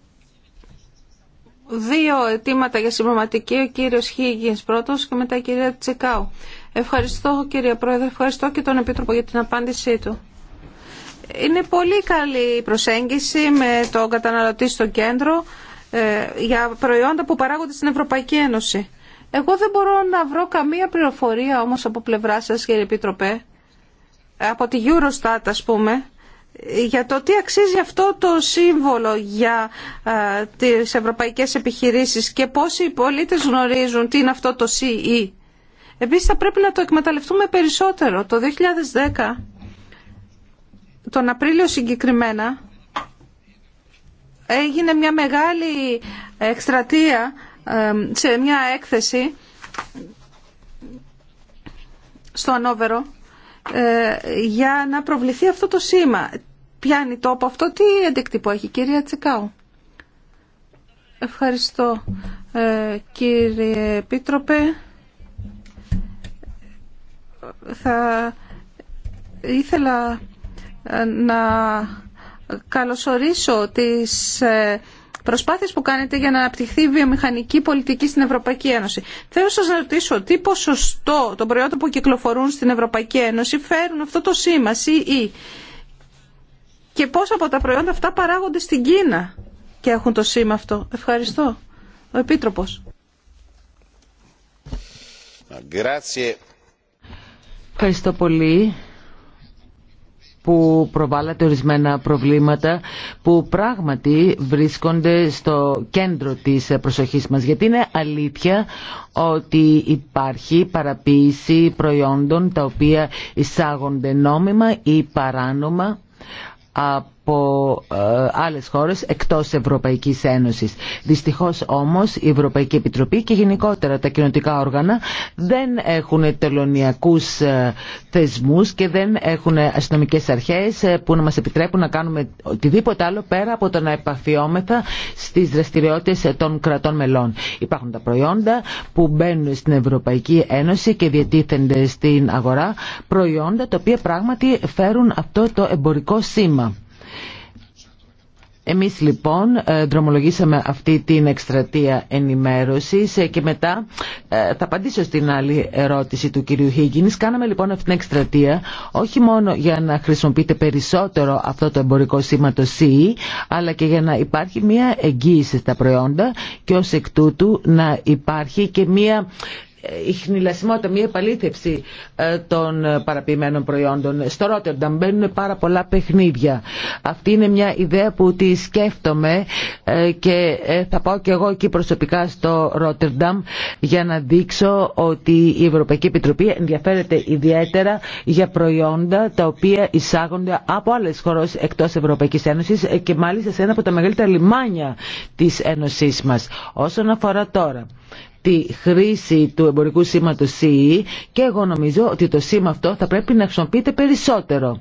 S2: δύο αιτήματα για συμπληρωματική, ο κύριος Χίγγινς πρώτος και μετά η κυρία Τσεκάου. Ευχαριστώ κύριε Πρόεδρε, ευχαριστώ και τον Επίτροπο για την απάντησή του. Είναι πολύ καλή η προσέγγιση με τον καταναλωτή στο κέντρο ε, για προϊόντα που παράγονται στην Ευρωπαϊκή Ένωση. Εγώ δεν μπορώ να βρω καμία πληροφορία όμως από πλευρά σας κύριε Επίτροπε, από τη Eurostat ας πούμε, για το τι αξίζει αυτό το σύμβολο για ε, τις ευρωπαϊκές επιχειρήσεις και πόσοι οι πολίτες γνωρίζουν τι είναι αυτό το CE. Επίσης θα πρέπει να το εκμεταλλευτούμε περισσότερο. Το 2010, τον Απρίλιο συγκεκριμένα, έγινε μια μεγάλη εκστρατεία ε, σε μια έκθεση στο Ανόβερο ε, για να προβληθεί αυτό το σήμα. Πιάνει τόπο αυτό, τι που έχει κυρία Τσικάου. Ευχαριστώ ε, κύριε πίτροπε. Θα ήθελα ε, να καλωσορίσω τις προσπάθειες που κάνετε για να αναπτυχθεί η βιομηχανική πολιτική στην Ευρωπαϊκή Ένωση. Θέλω σας να ρωτήσω τι ποσοστό των προϊόντων που κυκλοφορούν στην Ευρωπαϊκή Ένωση φέρουν αυτό το σήμα e? και πόσα από τα προϊόντα αυτά παράγονται στην Κίνα και έχουν το σήμα αυτό. Ευχαριστώ. Ο Επίτροπος.
S3: Ευχαριστώ πολύ που προβάλλατε ορισμένα προβλήματα που πράγματι βρίσκονται στο κέντρο της προσοχής μας. Γιατί είναι αλήθεια ότι υπάρχει παραποίηση προϊόντων τα οποία εισάγονται νόμιμα ή παράνομα από ε, άλλες χώρες εκτός Ευρωπαϊκής Ένωσης. Δυστυχώς όμως η Ευρωπαϊκή Επιτροπή και γενικότερα τα κοινωτικά όργανα δεν έχουν τελωνιακούς ε, θεσμούς και δεν έχουν αστυνομικές αρχές ε, που να μας επιτρέπουν να κάνουμε οτιδήποτε άλλο πέρα από το να επαφιόμεθα στις δραστηριότητες των κρατών μελών. Υπάρχουν τα προϊόντα που μπαίνουν στην Ευρωπαϊκή Ένωση και διατίθενται στην αγορά προϊόντα τα οποία πράγματι φέρουν αυτό το εμπορικό σήμα. Εμείς λοιπόν ε, δρομολογήσαμε αυτή την εκστρατεία ενημέρωσης ε, και μετά ε, θα απαντήσω στην άλλη ερώτηση του κυρίου Χίγκινης. Κάναμε λοιπόν αυτή την εκστρατεία όχι μόνο για να χρησιμοποιείται περισσότερο αυτό το εμπορικό σήμα το CE αλλά και για να υπάρχει μια εγγύηση στα προϊόντα και ως εκ τούτου να υπάρχει και μια η χνηλασιμότητα, μια επαλήθευση ε, των παραποιημένων προϊόντων. Στο Ρότερνταμ μπαίνουν πάρα πολλά παιχνίδια. Αυτή είναι μια ιδέα που τη σκέφτομαι ε, και ε, θα πάω και εγώ εκεί προσωπικά στο Ρότερνταμ για να δείξω ότι η Ευρωπαϊκή Επιτροπή ενδιαφέρεται ιδιαίτερα για προϊόντα τα οποία εισάγονται από άλλε χώρε εκτό Ευρωπαϊκή Ένωση και μάλιστα σε ένα από τα μεγαλύτερα λιμάνια τη Ένωσή μα. Όσον αφορά τώρα τη χρήση του εμπορικού σήματος CE και εγώ νομίζω ότι το σήμα αυτό θα πρέπει να χρησιμοποιείται περισσότερο.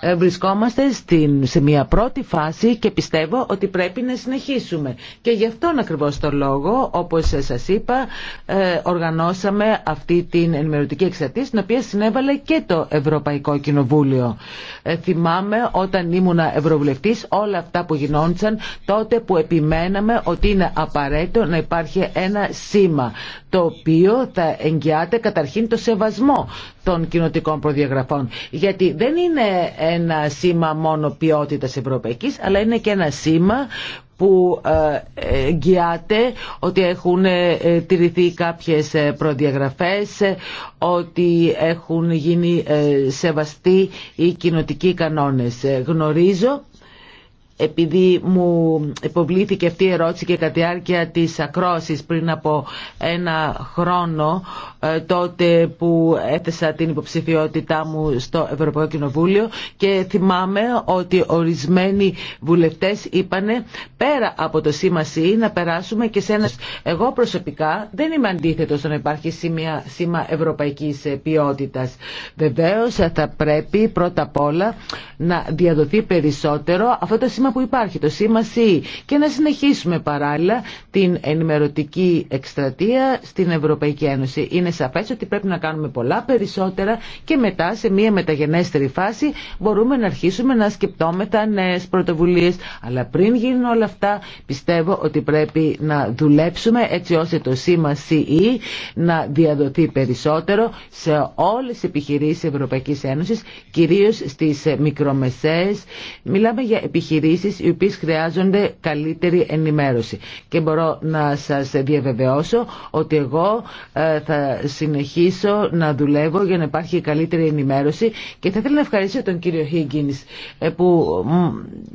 S3: Ε, βρισκόμαστε στην, σε μια πρώτη φάση και πιστεύω ότι πρέπει να συνεχίσουμε. Και γι' αυτόν ακριβώς το λόγο, όπως σας είπα, ε, οργανώσαμε αυτή την ενημερωτική εξαρτήση, την οποία συνέβαλε και το Ευρωπαϊκό Κοινοβούλιο. Ε, θυμάμαι όταν ήμουνα ευρωβουλευτής όλα αυτά που γινόντουσαν τότε που επιμέναμε ότι είναι απαραίτητο να υπάρχει ένα σήμα το οποίο θα εγγυάται καταρχήν το σεβασμό των κοινοτικών προδιαγραφών. Γιατί δεν είναι ένα σήμα μόνο ποιότητας ευρωπαϊκής, αλλά είναι και ένα σήμα που ε, εγγυάται ότι έχουν ε, τηρηθεί κάποιες ε, προδιαγραφές, ότι έχουν γίνει σεβαστοί οι κοινοτικοί κανόνες. Γνωρίζω επειδή μου υποβλήθηκε αυτή η ερώτηση και κατά τη διάρκεια της ακρόσης πριν από ένα χρόνο ε, τότε που έθεσα την υποψηφιότητά μου στο Ευρωπαϊκό Κοινοβούλιο και θυμάμαι ότι ορισμένοι βουλευτές είπανε πέρα από το σήμα να περάσουμε και σε ένα... Εγώ προσωπικά δεν είμαι αντίθετο να υπάρχει σήμα, σήμα ευρωπαϊκής ε, ποιότητας. Βεβαίως ε, θα πρέπει πρώτα απ' όλα να διαδοθεί περισσότερο αυτό το σήμα που υπάρχει, το σήμα και να συνεχίσουμε παράλληλα την ενημερωτική εκστρατεία στην Ευρωπαϊκή Ένωση είναι σαφές ότι πρέπει να κάνουμε πολλά περισσότερα και μετά σε μια μεταγενέστερη φάση μπορούμε να αρχίσουμε να τα νέες πρωτοβουλίες. Αλλά πριν γίνουν όλα αυτά πιστεύω ότι πρέπει να δουλέψουμε έτσι ώστε το σήμα CE να διαδοθεί περισσότερο σε όλες τις επιχειρήσεις Ευρωπαϊκής Ένωσης, κυρίως στις μικρομεσαίες. Μιλάμε για επιχειρήσεις οι οποίες χρειάζονται καλύτερη ενημέρωση. Και μπορώ να σας διαβεβαιώσω ότι εγώ ε, θα συνεχίσω να δουλεύω για να υπάρχει καλύτερη ενημέρωση και θα ήθελα να ευχαριστήσω τον κύριο Higgins ε, που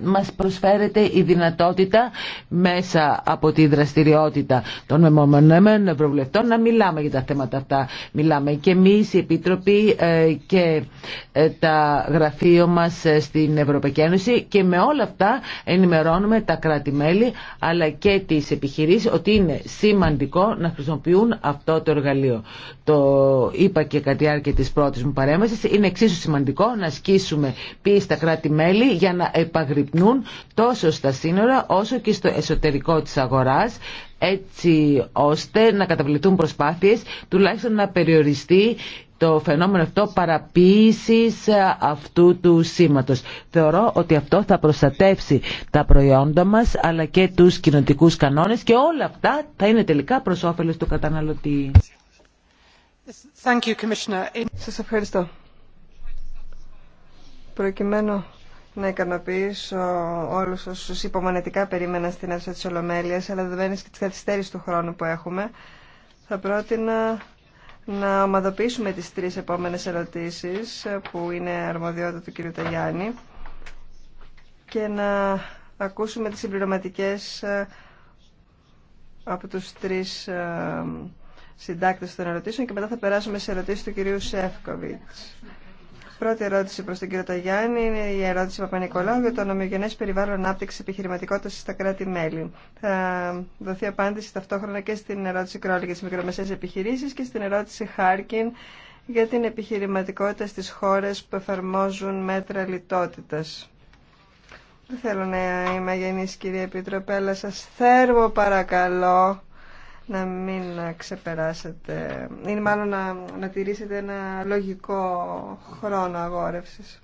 S3: μας προσφέρεται η δυνατότητα μέσα από τη δραστηριότητα των μεμονωμένων ευρωβουλευτών να μιλάμε για τα θέματα αυτά. Μιλάμε και εμείς, οι επίτροποι ε, και ε, τα γραφείο μας στην Ευρωπαϊκή Ένωση και με όλα αυτά ενημερώνουμε τα κράτη-μέλη αλλά και τις επιχειρήσεις ότι είναι σημαντικό να χρησιμοποιούν αυτό το εργαλείο το είπα και κατά τη διάρκεια της πρώτης μου παρέμβασης, είναι εξίσου σημαντικό να ασκήσουμε πίεση στα κράτη-μέλη για να επαγρυπνούν τόσο στα σύνορα όσο και στο εσωτερικό της αγοράς έτσι ώστε να καταβληθούν προσπάθειες τουλάχιστον να περιοριστεί το φαινόμενο αυτό παραποίησης αυτού του σήματος. Θεωρώ ότι αυτό θα προστατεύσει τα προϊόντα μας αλλά και τους κοινοτικούς κανόνες και όλα αυτά θα είναι τελικά προς του καταναλωτή.
S1: Σας ευχαριστώ. Προκειμένου να ικανοποιήσω όλου όσου υπομονετικά περίμεναν στην αίθουσα τη Ολομέλεια, αλλά δεδομένη και τη καθυστέρηση του χρόνου που έχουμε, θα πρότεινα να ομαδοποιήσουμε τις τρεις επόμενε ερωτήσει που είναι αρμοδιότητα του κ. Ταγιάννη και να ακούσουμε τις συμπληρωματικέ ε, από τους τρεις ε, συντάκτες των ερωτήσεων και μετά θα περάσουμε σε ερωτήσεις του κυρίου Σεύκοβιτς. Πρώτη ερώτηση προς τον κύριο Ταγιάννη είναι η ερώτηση Παπα-Νικολάου για το ομοιογενές περιβάλλον ανάπτυξη επιχειρηματικότητα στα κράτη-μέλη. Θα δοθεί απάντηση ταυτόχρονα και στην ερώτηση Κρόλη για τις μικρομεσαίες επιχειρήσεις και στην ερώτηση Χάρκιν για την επιχειρηματικότητα στις χώρες που εφαρμόζουν μέτρα λιτότητας. Δεν θέλω να είμαι γενής κυρία Επιτροπέ, αλλά σας θέρμο παρακαλώ να μην ξεπεράσετε, είναι μάλλον να, να τηρήσετε ένα λογικό χρόνο αγόρευσης.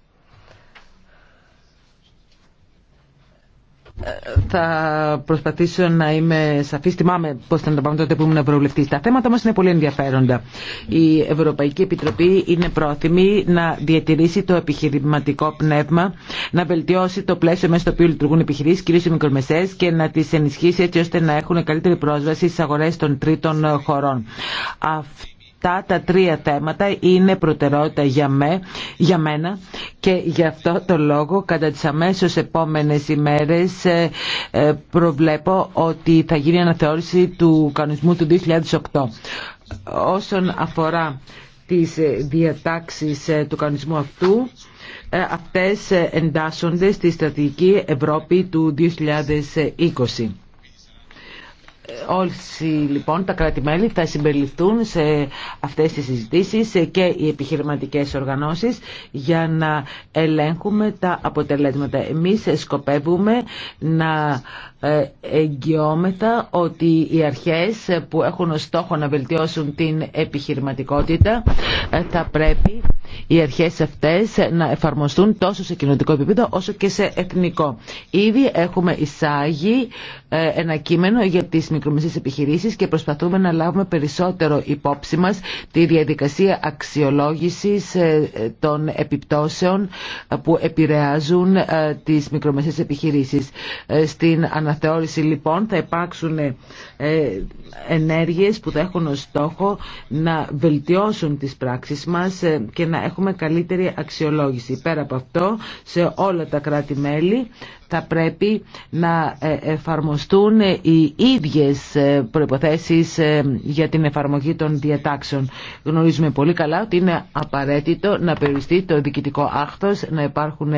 S3: θα προσπαθήσω να είμαι σαφής. Θυμάμαι πώς ήταν το πάμε τότε που ήμουν ευρωβουλευτής. Τα θέματα μας είναι πολύ ενδιαφέροντα. Η Ευρωπαϊκή Επιτροπή είναι πρόθυμη να διατηρήσει το επιχειρηματικό πνεύμα, να βελτιώσει το πλαίσιο μέσα στο οποίο λειτουργούν επιχειρήσεις, κυρίω οι μικρομεσαίες και να τις ενισχύσει έτσι ώστε να έχουν καλύτερη πρόσβαση στις αγορές των τρίτων χωρών. Αυτά τα τρία θέματα είναι προτεραιότητα για, με, για μένα και γι' αυτό το λόγο κατά τις αμέσως επόμενες ημέρες ε, ε, προβλέπω ότι θα γίνει αναθεώρηση του κανονισμού του 2008. Όσον αφορά τις ε, διατάξεις του κανονισμού αυτού, αυτές εντάσσονται στη στρατηγική Ευρώπη του 2020. Όλοι λοιπόν τα κράτη-μέλη θα συμπεριληφθούν σε αυτές τις συζητήσεις και οι επιχειρηματικές οργανώσεις για να ελέγχουμε τα αποτελέσματα. Εμείς σκοπεύουμε να ε, εγγυόμεθα ότι οι αρχές που έχουν ως στόχο να βελτιώσουν την επιχειρηματικότητα ε, θα πρέπει οι αρχές αυτές να εφαρμοστούν τόσο σε κοινωτικό επίπεδο όσο και σε εθνικό. Ήδη έχουμε εισάγει ε, ένα κείμενο για τις μικρομεσαίες επιχειρήσεις και προσπαθούμε να λάβουμε περισσότερο υπόψη μας τη διαδικασία αξιολόγησης ε, ε, των επιπτώσεων που επηρεάζουν τις μικρομεσαίες επιχειρήσεις. Στην αναθεώρηση λοιπόν θα υπάρξουν ενέργειες που θα έχουν ως στόχο να βελτιώσουν τις πράξεις μας και να έχουμε καλύτερη αξιολόγηση. Πέρα από αυτό σε όλα τα κράτη-μέλη θα πρέπει να ε, εφαρμοστούν οι ίδιες ε, προϋποθέσεις ε, για την εφαρμογή των διατάξεων. Γνωρίζουμε πολύ καλά ότι είναι απαραίτητο να περιοριστεί το διοικητικό άχθος, να υπάρχουν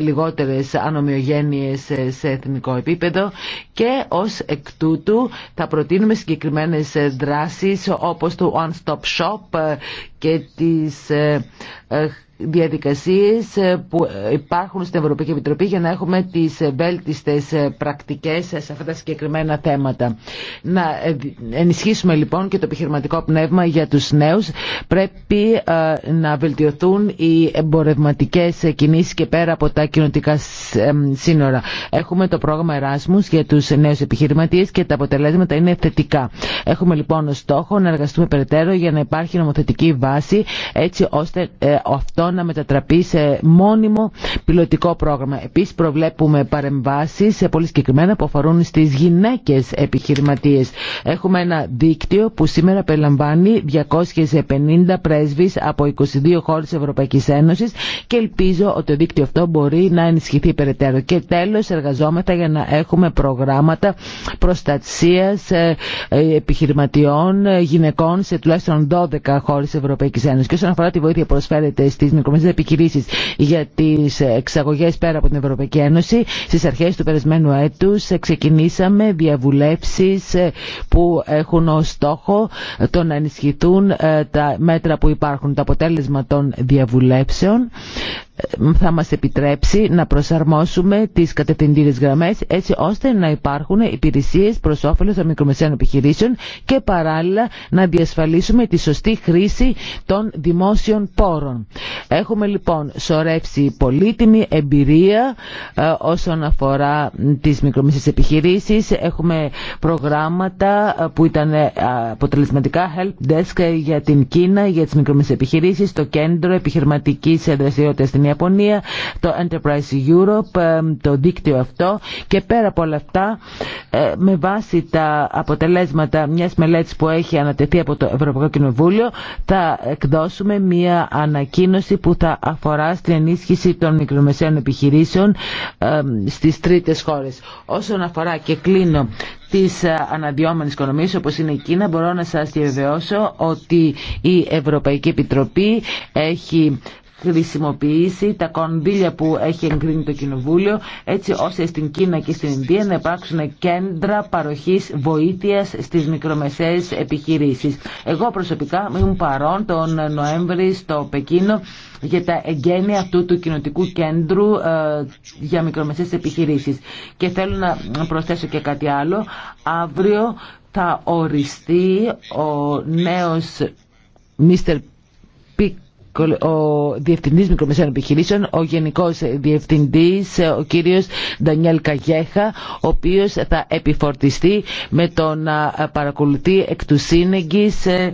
S3: λιγότερες ανομοιογένειες σε εθνικό επίπεδο και ως εκ τούτου θα προτείνουμε συγκεκριμένες δράσεις όπως το One Stop Shop και τις διαδικασίες ε, που ε, υπάρχουν στην Ευρωπαϊκή Επιτροπή για να έχουμε τις βέλτιστες ε, πρακτικές σε αυτά τα συγκεκριμένα θέματα. Να ενισχύσουμε λοιπόν και το επιχειρηματικό πνεύμα για τους νέους. Πρέπει να βελτιωθούν οι εμπορευματικές κινήσεις και πέρα από τα κοινωτικά σύνορα. Έχουμε το πρόγραμμα Εράσμους για τους νέους επιχειρηματίες και τα αποτελέσματα είναι θετικά. Έχουμε λοιπόν στόχο να εργαστούμε περαιτέρω για να υπάρχει νομοθετική βάση έτσι ώστε αυτό να μετατραπεί σε μόνιμο πιλωτικό πρόγραμμα. Επίση προβλέπουμε παρεμβάσει σε πολύ συγκεκριμένα που αφορούν στις γυναίκε επιχειρηματίε. Έχουμε ένα δίκτυο που σήμερα περιλαμβάνει 250 πρέσβει από 22 χώρες Ευρωπαϊκή Ένωση και ελπίζω ότι το δίκτυο αυτό μπορεί να ενισχυθεί περαιτέρω. Και τέλο, εργαζόμεθα για να έχουμε προγράμματα προστασία ε, ε, επιχειρηματιών ε, γυναικών σε τουλάχιστον 12 χώρες Ευρωπαϊκή Ένωση. Και όσον αφορά τη βοήθεια που προσφέρεται μικρομεσαίες επιχειρήσει για τι εξαγωγέ πέρα από την Ευρωπαϊκή Ένωση. Στις αρχές του περασμένου έτου, ξεκινήσαμε διαβουλεύσει ε, που έχουν ως στόχο το να ενισχυθούν ε, τα μέτρα που υπάρχουν. τα αποτέλεσμα των διαβουλεύσεων θα μας επιτρέψει να προσαρμόσουμε τις κατευθυντήριες γραμμές έτσι ώστε να υπάρχουν υπηρεσίες προς όφελος των μικρομεσαίων επιχειρήσεων και παράλληλα να διασφαλίσουμε τη σωστή χρήση των δημόσιων πόρων. Έχουμε λοιπόν σωρεύσει πολύτιμη εμπειρία ε, όσον αφορά τις μικρομεσαίες επιχειρήσεις. Έχουμε προγράμματα ε, που ήταν ε, αποτελεσματικά help desk για την Κίνα, για τις μικρομεσαίες επιχειρήσεις, το κέντρο επιχειρηματικής δραστηριότητας στην στην Ιαπωνία, το Enterprise Europe, ε, το δίκτυο αυτό και πέρα από όλα αυτά ε, με βάση τα αποτελέσματα μιας μελέτης που έχει ανατεθεί από το Ευρωπαϊκό Κοινοβούλιο θα εκδώσουμε μια ανακοίνωση που θα αφορά στην ενίσχυση των μικρομεσαίων επιχειρήσεων ε, στις τρίτες χώρες. Όσον αφορά και κλείνω της αναδυόμενης οικονομίας όπως είναι η Κίνα μπορώ να σας διαβεβαιώσω ότι η Ευρωπαϊκή Επιτροπή έχει χρησιμοποιήσει τα κονδύλια που έχει εγκρίνει το Κοινοβούλιο έτσι ώστε στην Κίνα και στην Ινδία να υπάρξουν κέντρα παροχής βοήθειας στις μικρομεσαίες επιχειρήσεις. Εγώ προσωπικά ήμουν παρόν τον Νοέμβρη στο Πεκίνο για τα εγγένεια αυτού του κοινοτικού κέντρου ε, για μικρομεσαίες επιχειρήσεις. Και θέλω να προσθέσω και κάτι άλλο. Αύριο θα οριστεί ο νέος Mr. Πικ ο Διευθυντής Μικρομεσαίων Επιχειρήσεων, ο Γενικός Διευθυντής, ο κύριος Ντανιέλ Καγέχα, ο οποίος θα επιφορτιστεί με το να παρακολουθεί εκ του σύνεγγυς ε,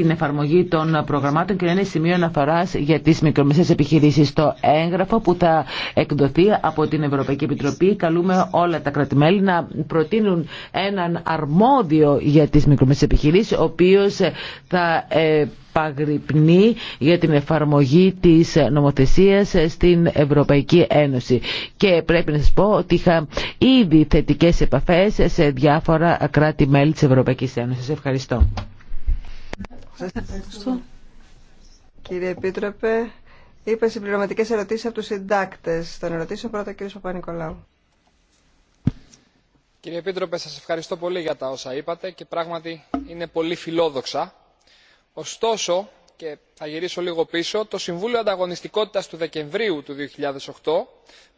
S3: την εφαρμογή των προγραμμάτων και να είναι σημείο αναφορά για τι μικρομεσαίε επιχειρήσει. Το έγγραφο που θα εκδοθεί από την Ευρωπαϊκή Επιτροπή καλούμε όλα τα κρατημέλη να προτείνουν έναν αρμόδιο για τι μικρομεσαίε επιχειρήσει, ο οποίο θα παγρυπνεί για την εφαρμογή της νομοθεσίας στην Ευρωπαϊκή Ένωση. Και πρέπει να σας πω ότι είχα ήδη θετικές επαφές σε διάφορα κράτη-μέλη της Ευρωπαϊκής Ένωσης. Ευχαριστώ
S1: ευχαριστώ. Κύριε Επίτροπε, είπα συμπληρωματικέ ερωτήσει από του συντάκτε. Θα ρωτήσω πρωτα πρώτα κύριο Παπα-Νικολάου.
S4: Κύριε Επίτροπε, σα ευχαριστώ πολύ για τα όσα είπατε και πράγματι είναι πολύ φιλόδοξα. Ωστόσο, και θα γυρίσω λίγο πίσω το συμβούλιο ανταγωνιστικότητας του δεκεμβρίου του 2008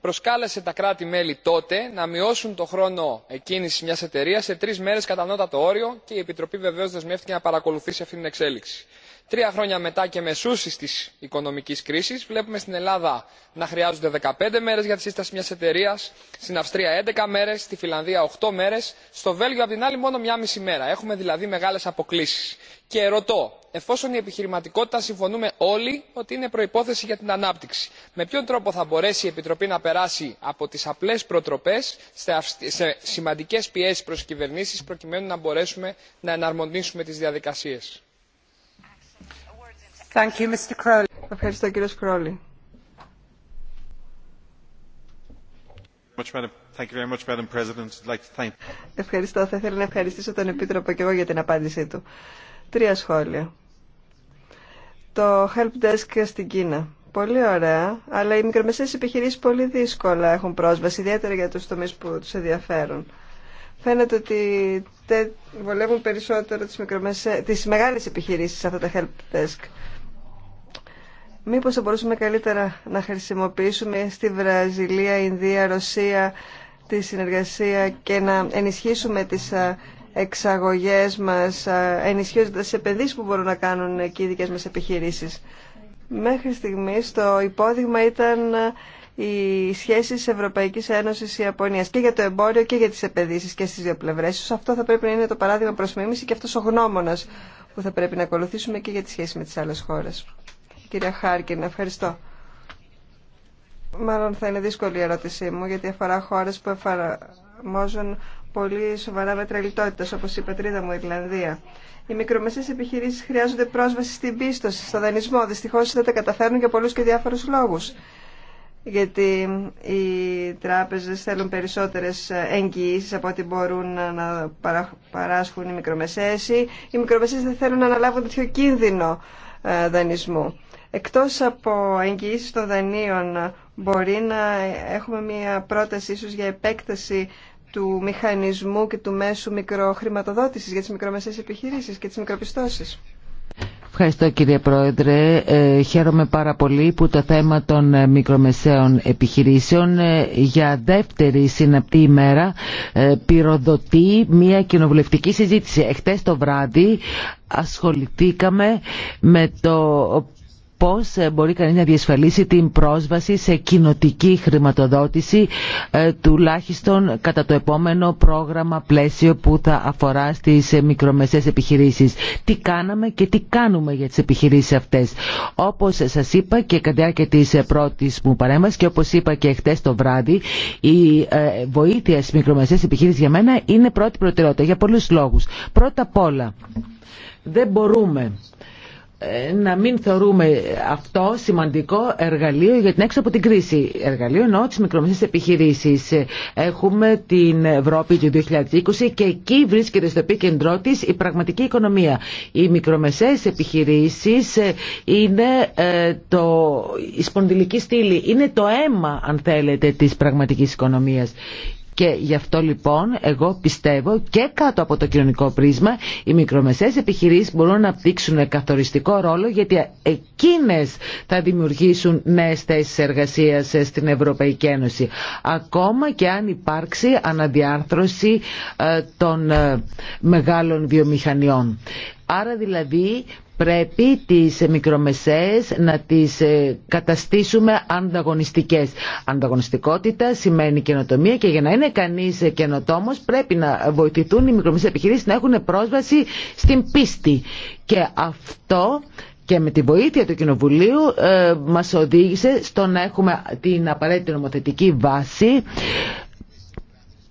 S4: προσκάλεσε τα κράτη μέλη τότε να μειώσουν το χρόνο εκκίνησης μιας εταιρείας σε τρεις μέρες κατά ανώτατο όριο και η επιτροπή βεβαίως δεσμεύτηκε να παρακολουθήσει αυτή την εξέλιξη τρία χρόνια μετά και μεσούσει τη οικονομική κρίση βλέπουμε στην ελλάδα να χρειάζονται δεκαπέντε μέρε για τη σύσταση μια εταιρεία στην αυστρία έντεκα μέρε στη φιλανδία οκτώ μέρε στο βέλγιο απ' την άλλη μόνο μία μισή μέρα. έχουμε δηλαδή μεγάλε αποκλήσει. και ρωτώ εφόσον η επιχειρηματικότητα συμφωνούμε όλοι ότι είναι προπόθεση για την ανάπτυξη με ποιον τρόπο θα μπορέσει η επιτροπή να περάσει από τι απλέ προτροπέ σε σημαντικέ πιέσει προ κυβερνήσει προκειμένου να μπορέσουμε να εναρμονίσουμε τι διαδικασίε.
S1: Ευχαριστώ κύριο Σκρόλη. Ευχαριστώ. Θα ήθελα να ευχαριστήσω τον Επίτροπο και εγώ για την απάντησή του. Τρία σχόλια. Το help desk στην Κίνα. Πολύ ωραία, αλλά οι μικρομεσαίες επιχειρήσεις πολύ δύσκολα έχουν πρόσβαση, ιδιαίτερα για τους τομείς που τους ενδιαφέρουν. Φαίνεται ότι βολεύουν περισσότερο τις, μεγάλε τις μεγάλες επιχειρήσεις αυτά τα help desk. Μήπως θα μπορούσαμε καλύτερα να χρησιμοποιήσουμε στη Βραζιλία, Ινδία, Ρωσία τη συνεργασία και να ενισχύσουμε τις εξαγωγές μας, ενισχύοντας τις επενδύσεις που μπορούν να κάνουν και οι δικές μας επιχειρήσεις. Μέχρι στιγμής το υπόδειγμα ήταν οι σχέσεις Ευρωπαϊκής Ένωσης Ιαπωνίας και για το εμπόριο και για τις επενδύσεις και στις δύο πλευρές. αυτό θα πρέπει να είναι το παράδειγμα προς μίμηση και αυτός ο γνώμονας που θα πρέπει να ακολουθήσουμε και για τις σχέσεις με τις άλλες χώρες κυρία Χάρκιν. Ευχαριστώ. Μάλλον θα είναι δύσκολη η ερώτησή μου, γιατί αφορά χώρε που εφαρμόζουν πολύ σοβαρά μέτρα λιτότητα, όπω η πατρίδα μου, η Ιρλανδία. Οι μικρομεσαίε επιχειρήσει χρειάζονται πρόσβαση στην πίστοση, στο δανεισμό. Δυστυχώ δεν τα καταφέρνουν για πολλού και διάφορου λόγου. Γιατί οι τράπεζε θέλουν περισσότερε εγγυήσει από ό,τι μπορούν να παράσχουν οι μικρομεσαίε. Οι μικρομεσαίε δεν θέλουν να αναλάβουν τέτοιο κίνδυνο ε, δανεισμού εκτός από εγγυήσεις των δανείων μπορεί να έχουμε μια πρόταση ίσως για επέκταση του μηχανισμού και του μέσου μικροχρηματοδότησης για τις μικρομεσαίες επιχειρήσεις και τις μικροπιστώσεις.
S3: Ευχαριστώ κύριε Πρόεδρε. Ε, χαίρομαι πάρα πολύ που το θέμα των ε, μικρομεσαίων επιχειρήσεων ε, για δεύτερη συναπτή ημέρα ε, πυροδοτεί μια κοινοβουλευτική συζήτηση. Εχθές το βράδυ ασχοληθήκαμε με το πώς ε, μπορεί κανείς να διασφαλίσει την πρόσβαση σε κοινοτική χρηματοδότηση ε, τουλάχιστον κατά το επόμενο πρόγραμμα πλαίσιο που θα αφορά στις ε, μικρομεσαίες επιχειρήσεις. Τι κάναμε και τι κάνουμε για τις επιχειρήσεις αυτές. Όπως σας είπα και κατά διάρκεια της πρώτης μου παρέμβασης και όπως είπα και χτες το βράδυ η βοήθεια στις μικρομεσαίες επιχειρήσεις για μένα είναι πρώτη προτεραιότητα για πολλούς λόγους. Πρώτα απ' όλα δεν μπορούμε να μην θεωρούμε αυτό σημαντικό εργαλείο για την έξω από την κρίση. Εργαλείο ενώ τις μικρομεσαίες επιχειρήσεις. Έχουμε την Ευρώπη του 2020 και εκεί βρίσκεται στο επίκεντρό της η πραγματική οικονομία. Οι μικρομεσαίες επιχειρήσεις ε, είναι ε, το, η σπονδυλική στήλη, είναι το αίμα αν θέλετε της πραγματική οικονομίας. Και γι' αυτό λοιπόν εγώ πιστεύω και κάτω από το κοινωνικό πρίσμα οι μικρομεσαίες επιχειρήσεις μπορούν να δείξουν καθοριστικό ρόλο γιατί εκείνες θα δημιουργήσουν νέες θέσεις εργασίας στην Ευρωπαϊκή Ένωση. Ακόμα και αν υπάρξει αναδιάρθρωση ε, των ε, μεγάλων βιομηχανιών. Άρα δηλαδή Πρέπει τις μικρομεσαίες να τις ε, καταστήσουμε ανταγωνιστικές. Ανταγωνιστικότητα σημαίνει καινοτομία και για να είναι κανείς καινοτόμος πρέπει να βοηθηθούν οι μικρομεσαίες επιχειρήσεις να έχουν πρόσβαση στην πίστη. Και αυτό και με τη βοήθεια του Κοινοβουλίου ε, μας οδήγησε στο να έχουμε την απαραίτητη νομοθετική βάση.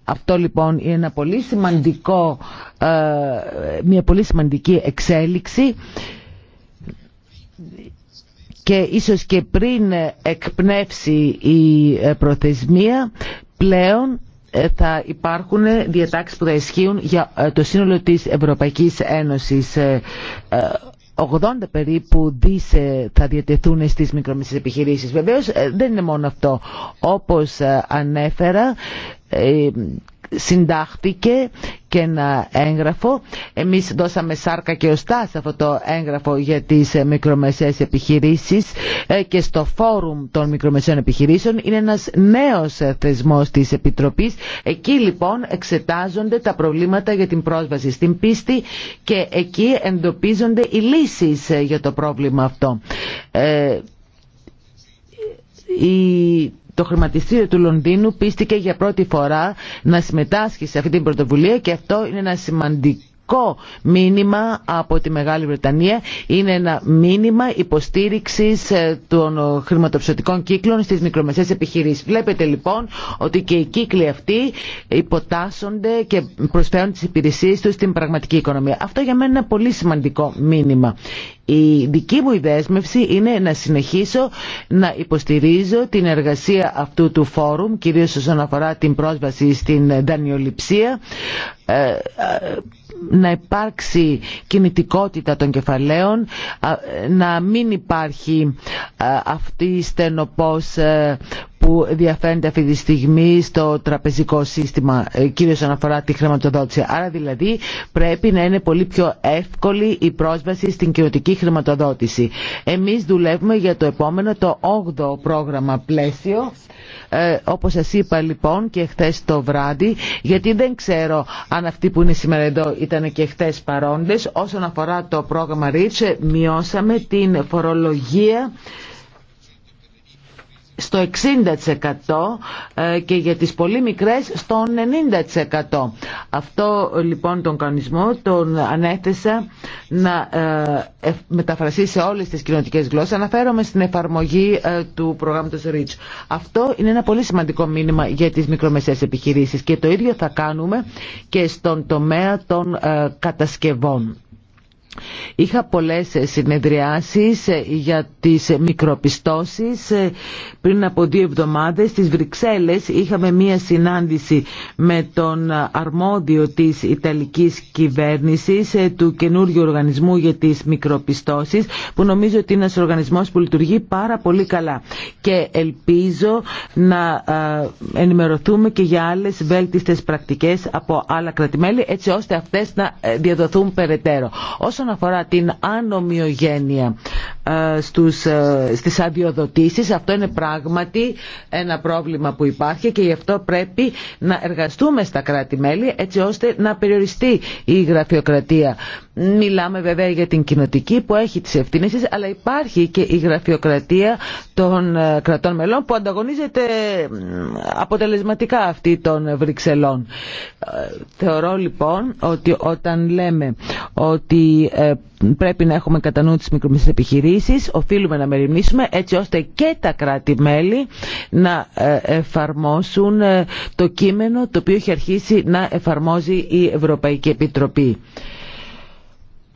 S3: Αυτό λοιπόν είναι ένα πολύ σημαντικό, ε, μια πολύ σημαντική εξέλιξη και ίσως και πριν εκπνεύσει η ε, προθεσμία πλέον ε, θα υπάρχουν διατάξεις που θα ισχύουν για ε, το σύνολο της Ευρωπαϊκής Ένωσης. 80 περίπου δίσε θα διατεθούν στις μικρομεσαίες επιχειρήσεις. Βεβαίως δεν είναι μόνο αυτό. Όπως ανέφερα συντάχθηκε και ένα έγγραφο. Εμείς δώσαμε σάρκα και οστά σε αυτό το έγγραφο για τις ε, μικρομεσαίες επιχειρήσεις ε, και στο φόρουμ των μικρομεσαίων επιχειρήσεων είναι ένας νέος ε, θεσμός της Επιτροπής. Εκεί λοιπόν εξετάζονται τα προβλήματα για την πρόσβαση στην πίστη και εκεί εντοπίζονται οι λύσεις για το πρόβλημα αυτό η το χρηματιστήριο του Λονδίνου πίστηκε για πρώτη φορά να συμμετάσχει σε αυτή την πρωτοβουλία και αυτό είναι ένα σημαντικό σημαντικό μήνυμα από τη Μεγάλη Βρετανία είναι ένα μήνυμα υποστήριξης ε, των χρηματοψηφιωτικών κύκλων στις μικρομεσαίες επιχειρήσεις. Βλέπετε λοιπόν ότι και οι κύκλοι αυτοί υποτάσσονται και προσφέρουν τις υπηρεσίες τους στην πραγματική οικονομία. Αυτό για μένα είναι ένα πολύ σημαντικό μήνυμα. Η δική μου δέσμευση είναι να συνεχίσω να υποστηρίζω την εργασία αυτού του φόρουμ, κυρίως όσον αφορά την πρόσβαση στην δανειοληψία, ε, ε, να υπάρξει κινητικότητα των κεφαλαίων, να μην υπάρχει αυτή η στενοπός ε, που διαφαίνεται αυτή τη στιγμή στο τραπεζικό σύστημα, ε, κυρίως αναφορά τη χρηματοδότηση. Άρα δηλαδή πρέπει να είναι πολύ πιο εύκολη η πρόσβαση στην κοινωτική χρηματοδότηση. Εμείς δουλεύουμε για το επόμενο, το 8ο πρόγραμμα πλαίσιο, ε, όπως σας είπα λοιπόν και χθε το βράδυ, γιατί δεν ξέρω αν αυτοί που είναι σήμερα εδώ ήταν και χθε παρόντες, όσον αφορά το πρόγραμμα REACH μειώσαμε την φορολογία στο 60% ε, και για τις πολύ μικρές στο 90%. Αυτό λοιπόν τον κανονισμό τον ανέθεσα να ε, μεταφραστεί σε όλες τις κοινωνικές γλώσσες. Αναφέρομαι στην εφαρμογή ε, του προγράμματος REACH. Αυτό είναι ένα πολύ σημαντικό μήνυμα για τις μικρομεσαίες επιχειρήσεις και το ίδιο θα κάνουμε και στον τομέα των κατασκευών. Είχα πολλές συνεδριάσεις για τις μικροπιστώσεις. Πριν από δύο εβδομάδες στις Βρυξέλλες είχαμε μία συνάντηση με τον αρμόδιο της Ιταλικής κυβέρνησης του καινούριου οργανισμού για τις μικροπιστώσεις που νομίζω ότι είναι ένας οργανισμός που λειτουργεί πάρα πολύ καλά και ελπίζω να ενημερωθούμε και για άλλες βέλτιστες πρακτικές από άλλα κρατημέλη έτσι ώστε αυτές να ε, διαδοθούν περαιτέρω όσον αφορά την ανομοιογένεια ε, στους, ε, στις αδειοδοτήσεις αυτό είναι πράγματι ένα πρόβλημα που υπάρχει και γι' αυτό πρέπει να εργαστούμε στα κράτη-μέλη έτσι ώστε να περιοριστεί η γραφειοκρατία Μιλάμε βέβαια για την κοινοτική που έχει τις ευθύνες αλλά υπάρχει και η γραφειοκρατία των ε, κρατών μελών που ανταγωνίζεται αποτελεσματικά αυτή των Βρυξελών. Ε, θεωρώ λοιπόν ότι όταν λέμε ότι ε, πρέπει να έχουμε κατά νου τις μικρομεσαίες επιχειρήσεις, οφείλουμε να μεριμνήσουμε έτσι ώστε και τα κράτη-μέλη να εφαρμόσουν το κείμενο το οποίο έχει αρχίσει να εφαρμόζει η Ευρωπαϊκή Επιτροπή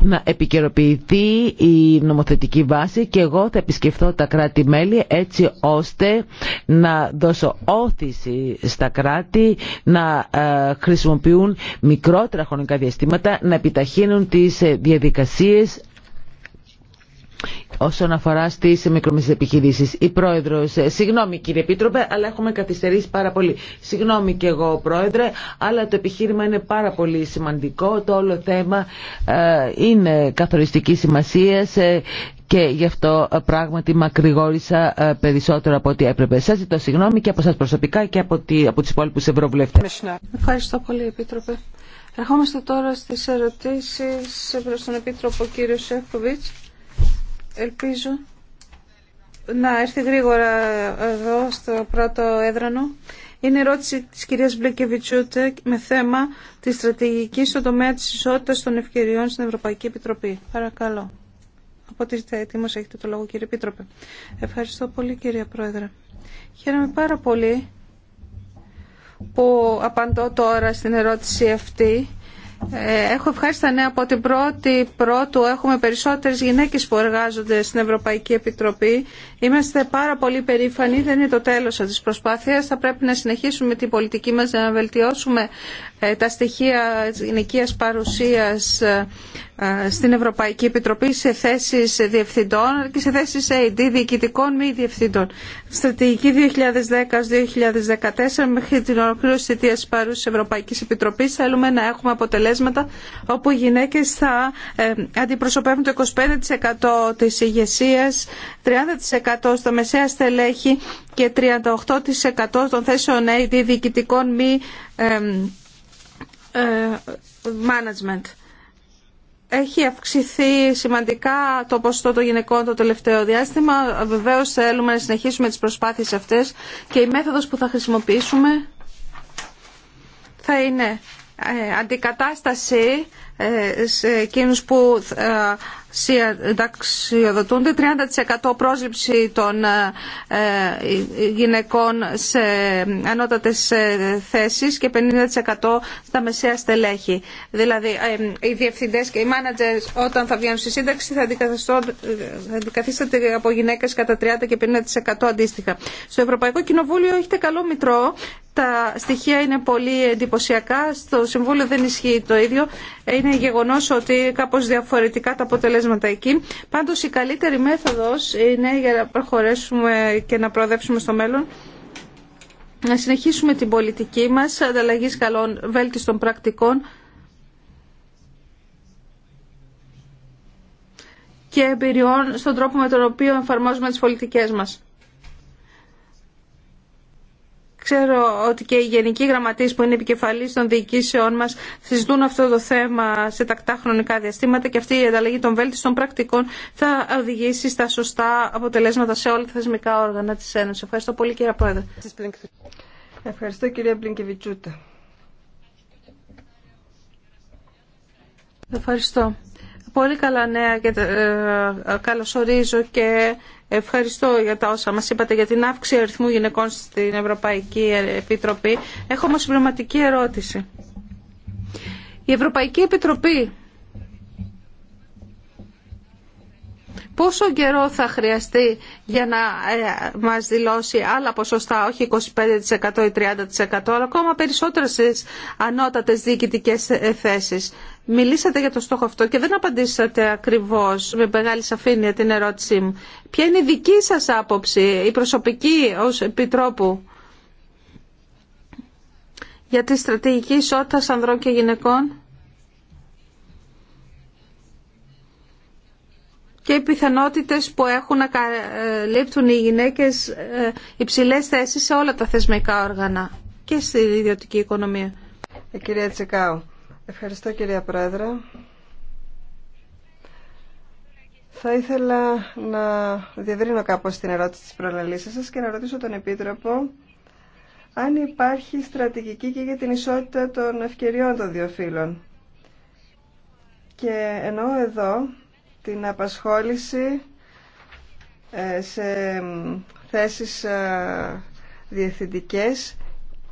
S3: να επικαιροποιηθεί η νομοθετική βάση και εγώ θα επισκεφθώ τα κράτη-μέλη έτσι ώστε να δώσω όθηση στα κράτη να ε, χρησιμοποιούν μικρότερα χρονικά διαστήματα, να επιταχύνουν τις ε, διαδικασίες όσον αφορά στι μικρομεσαίε επιχειρήσει, Η Πρόεδρος, ε, συγγνώμη κύριε Επίτροπε, αλλά έχουμε καθυστερήσει πάρα πολύ. Συγγνώμη και εγώ Πρόεδρε, αλλά το επιχείρημα είναι πάρα πολύ σημαντικό. Το όλο θέμα ε, είναι καθοριστική σημασία ε, και γι' αυτό πράγματι μακρηγόρησα περισσότερο από ό,τι έπρεπε. Σας ζητώ συγγνώμη και από σας προσωπικά και από, τη, από του υπόλοιπου ευρωβουλευτές.
S2: Ευχαριστώ πολύ Επίτροπε. Ερχόμαστε τώρα στι ερωτήσει προ τον Επίτροπο κύριο Σεύκοβιτς. Ελπίζω να έρθει γρήγορα εδώ στο πρώτο έδρανο. Είναι ερώτηση της κυρίας Μπλεκεβιτσούτε με θέμα τη στρατηγική στον τομέα της ισότητας των ευκαιριών στην Ευρωπαϊκή Επιτροπή. Παρακαλώ. Από ό,τι είστε έτοιμος έχετε το λόγο κύριε Επίτροπε. Ευχαριστώ πολύ κυρία Πρόεδρε. Χαίρομαι πάρα πολύ που απαντώ τώρα στην ερώτηση αυτή ε, έχω ευχάριστα νέα από την πρώτη πρώτου έχουμε περισσότερες γυναίκες που εργάζονται στην Ευρωπαϊκή Επιτροπή Είμαστε πάρα πολύ περήφανοι, δεν είναι το τέλος της προσπάθειας. Θα πρέπει να συνεχίσουμε την πολιτική μας να βελτιώσουμε ε, τα στοιχεία γυναικείας παρουσίας ε, ε, στην Ευρωπαϊκή Επιτροπή σε θέσεις διευθυντών και σε θέσεις AD, διοικητικών μη διευθυντών. Στρατηγική 2010-2014 μέχρι την ολοκλήρωση θητείας παρουσίας της Ευρωπαϊκής Επιτροπής θέλουμε να έχουμε αποτελέσματα όπου οι γυναίκες θα αντιπροσωπεύουν το 25% της ηγεσίας, 30% στο στα μεσαία στελέχη και 38% των θέσεων AD διοικητικών μη ε, management. Έχει αυξηθεί σημαντικά το ποσοστό των γυναικών το τελευταίο διάστημα. Βεβαίω θέλουμε να συνεχίσουμε τις προσπάθειες αυτές και η μέθοδος που θα χρησιμοποιήσουμε θα είναι ε, αντικατάσταση ε, σε εκείνους που συνταξιοδοτούνται 30% πρόσληψη των ε, ε, γυναικών σε ανώτατες ε, θέσεις και 50% στα μεσαία στελέχη. Δηλαδή οι διευθυντές και οι μάνατζες όταν θα βγαίνουν στη σύνταξη θα αντικαθίσταται από γυναίκες κατά 30% και 50% αντίστοιχα. Στο Ευρωπαϊκό Κοινοβούλιο έχετε καλό μητρό. Τα στοιχεία είναι πολύ εντυπωσιακά. Στο Συμβούλιο δεν ισχύει το ίδιο. Είναι γεγονός ότι κάπως διαφορετικά τα αποτελέσματα αποτελέσματα η καλύτερη μέθοδος είναι για να προχωρήσουμε και να προοδεύσουμε στο μέλλον να συνεχίσουμε την πολιτική μας ανταλλαγής καλών βέλτιστων πρακτικών και εμπειριών στον τρόπο με τον οποίο εφαρμόζουμε τις πολιτικές μας. Ξέρω ότι και οι γενικοί γραμματείς που είναι επικεφαλής των διοικήσεών μας συζητούν αυτό το θέμα σε τακτά χρονικά διαστήματα και αυτή η ανταλλαγή των βέλτιστων πρακτικών θα οδηγήσει στα σωστά αποτελέσματα σε όλα τα θεσμικά όργανα της Ένωσης. Ευχαριστώ πολύ κύριε Πρόεδρε. Ευχαριστώ κυρία Μπλίνκεβιτσούτα. Ευχαριστώ. Πολύ καλά νέα και ε, ε, καλωσορίζω και ευχαριστώ για τα όσα μας είπατε για την αύξηση αριθμού γυναικών στην Ευρωπαϊκή Επιτροπή. Έχω όμως συμπληρωματική ερώτηση. Η Ευρωπαϊκή Επιτροπή Πόσο καιρό θα χρειαστεί για να ε, μας δηλώσει άλλα ποσοστά, όχι 25% ή 30%, αλλά ακόμα περισσότερα στις ανώτατες διοικητικές θέσεις. Μιλήσατε για το στόχο αυτό και δεν απαντήσατε ακριβώς με μεγάλη σαφήνεια την ερώτησή μου. Ποια είναι η δική σας άποψη, η προσωπική ως επιτρόπου για τη στρατηγική ισότητας ανδρών και γυναικών και οι πιθανότητες που έχουν να καλύπτουν οι γυναίκες ε, υψηλές θέσεις σε όλα τα θεσμικά όργανα και στην ιδιωτική οικονομία. Ε, κυρία Τσεκάου. Ευχαριστώ κυρία
S1: Πρόεδρε. Θα ήθελα να διευρύνω κάπως την ερώτηση της προλαλήσης σας και να ρωτήσω τον Επίτροπο αν υπάρχει στρατηγική και για την ισότητα των ευκαιριών των δύο φύλων. Και ενώ εδώ την απασχόληση ε, σε θέσεις ε, διευθυντικές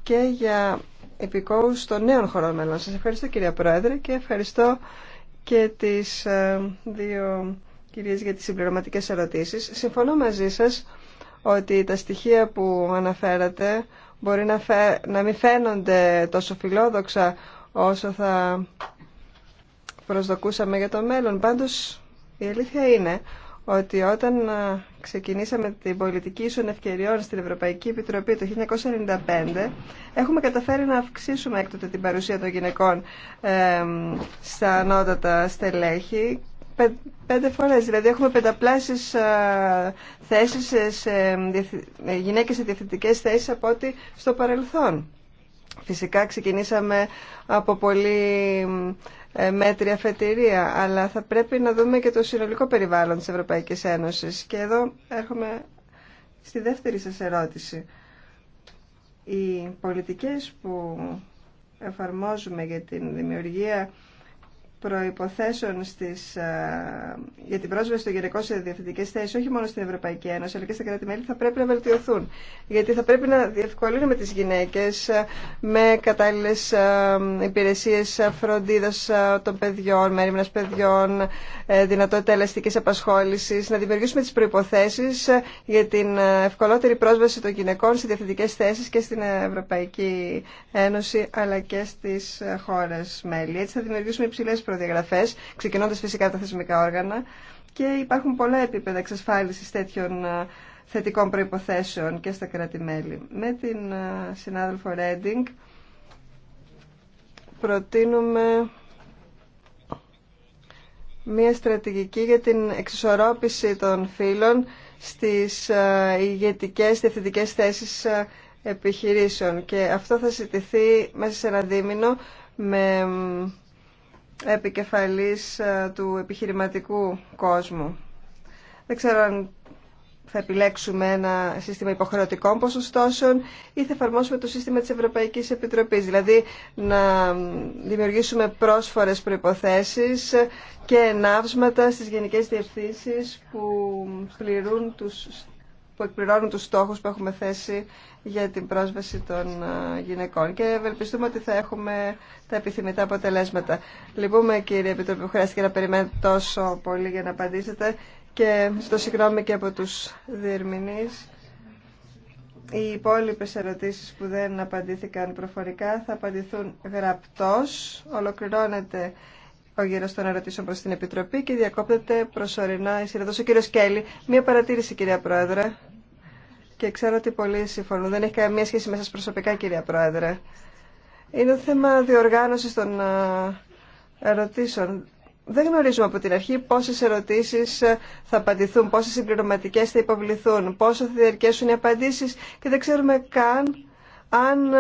S1: και για επικόους των νέων χωρών μελών. Σας ευχαριστώ κυρία Πρόεδρε και ευχαριστώ και τις ε, δύο κυρίες για τις συμπληρωματικές ερωτήσεις. Συμφωνώ μαζί σας ότι τα στοιχεία που αναφέρατε μπορεί να, να μην φαίνονται τόσο φιλόδοξα όσο θα προσδοκούσαμε για το μέλλον. Πάντως η αλήθεια είναι ότι όταν ε, ξεκινήσαμε την πολιτική ίσων ευκαιριών στην Ευρωπαϊκή Επιτροπή το 1995, έχουμε καταφέρει να αυξήσουμε έκτοτε την παρουσία των γυναικών στα ανώτατα στελέχη πέντε φορές. Δηλαδή έχουμε πενταπλάσεις ε, θέσεις σε ε, γυναίκες σε διευθυντικές θέσεις από ό,τι στο παρελθόν. Φυσικά ξεκινήσαμε από πολύ ε, Μέτρια αφετηρία, αλλά θα πρέπει να δούμε και το συνολικό περιβάλλον της Ευρωπαϊκής Ένωσης. Και εδώ έρχομαι στη δεύτερη σας ερώτηση. Οι πολιτικές που εφαρμόζουμε για την δημιουργία προϋποθέσεων στις, ε, για την πρόσβαση των γυναικών σε διευθυντικές θέσεις, όχι μόνο στην Ευρωπαϊκή Ένωση, αλλά και στα κράτη-μέλη, θα πρέπει να βελτιωθούν. Γιατί θα πρέπει να διευκολύνουμε τις γυναίκες ε, με κατάλληλες ε, υπηρεσίες φροντίδας των παιδιών, με μέρημνας παιδιών, δυνατότητα ελαστικής απασχόλησης, να δημιουργήσουμε τις προϋποθέσεις για την ευκολότερη πρόσβαση των γυναικών σε διευθυντικές θέσεις και στην Ευρωπαϊκή Ένωση, αλλά και στις χώρες μέλη. Έτσι θα δημιουργήσουμε προδιαγραφέ, ξεκινώντας φυσικά τα θεσμικά όργανα και υπάρχουν πολλά επίπεδα εξασφάλιση τέτοιων ε, θετικών προϋποθέσεων και στα κράτη-μέλη. Με την ε, συνάδελφο Ρέντινγκ προτείνουμε μια στρατηγική για την εξισορρόπηση των φύλων στις ε, ηγετικές διευθυντικές θέσεις επιχειρήσεων και αυτό θα συζητηθεί μέσα σε ένα δίμηνο με επικεφαλής ε, του επιχειρηματικού κόσμου. Δεν ξέρω αν θα επιλέξουμε ένα σύστημα υποχρεωτικών ποσοστώσεων ή θα εφαρμόσουμε το σύστημα της Ευρωπαϊκής Επιτροπής. Δηλαδή να δημιουργήσουμε πρόσφορες προϋποθέσεις και ενάυσματα στις γενικές διευθύνσεις που πληρούν τους που εκπληρώνουν τους στόχους που έχουμε θέσει για την πρόσβαση των ε, γυναικών. Και ευελπιστούμε ότι θα έχουμε τα επιθυμητά αποτελέσματα. Λυπούμε κύριε Επιτροπή που χρειάστηκε να περιμένετε τόσο πολύ για να απαντήσετε και στο συγγνώμη και από τους διερμηνείς. Οι υπόλοιπε ερωτήσεις που δεν απαντήθηκαν προφορικά θα απαντηθούν γραπτός. Ολοκληρώνεται ο γύρος των ερωτήσεων προς την Επιτροπή και διακόπτεται προσωρινά η σειρά. Ο κύριο Κέλη. Μία παρατήρηση, κυρία Πρόεδρα. Κέλλη, μία παρατήρηση κυρία Πρόεδρε και ξέρω ότι πολλοί συμφωνούν. Δεν έχει καμία σχέση με σας προσωπικά κυρία Πρόεδρε. Είναι θέμα διοργάνωσης των ερωτήσεων. Δεν γνωρίζουμε από την αρχή πόσε ερωτήσει θα απαντηθούν, πόσε συμπληρωματικέ θα υποβληθούν, πόσο θα διαρκέσουν οι απαντήσει και δεν ξέρουμε καν αν ε,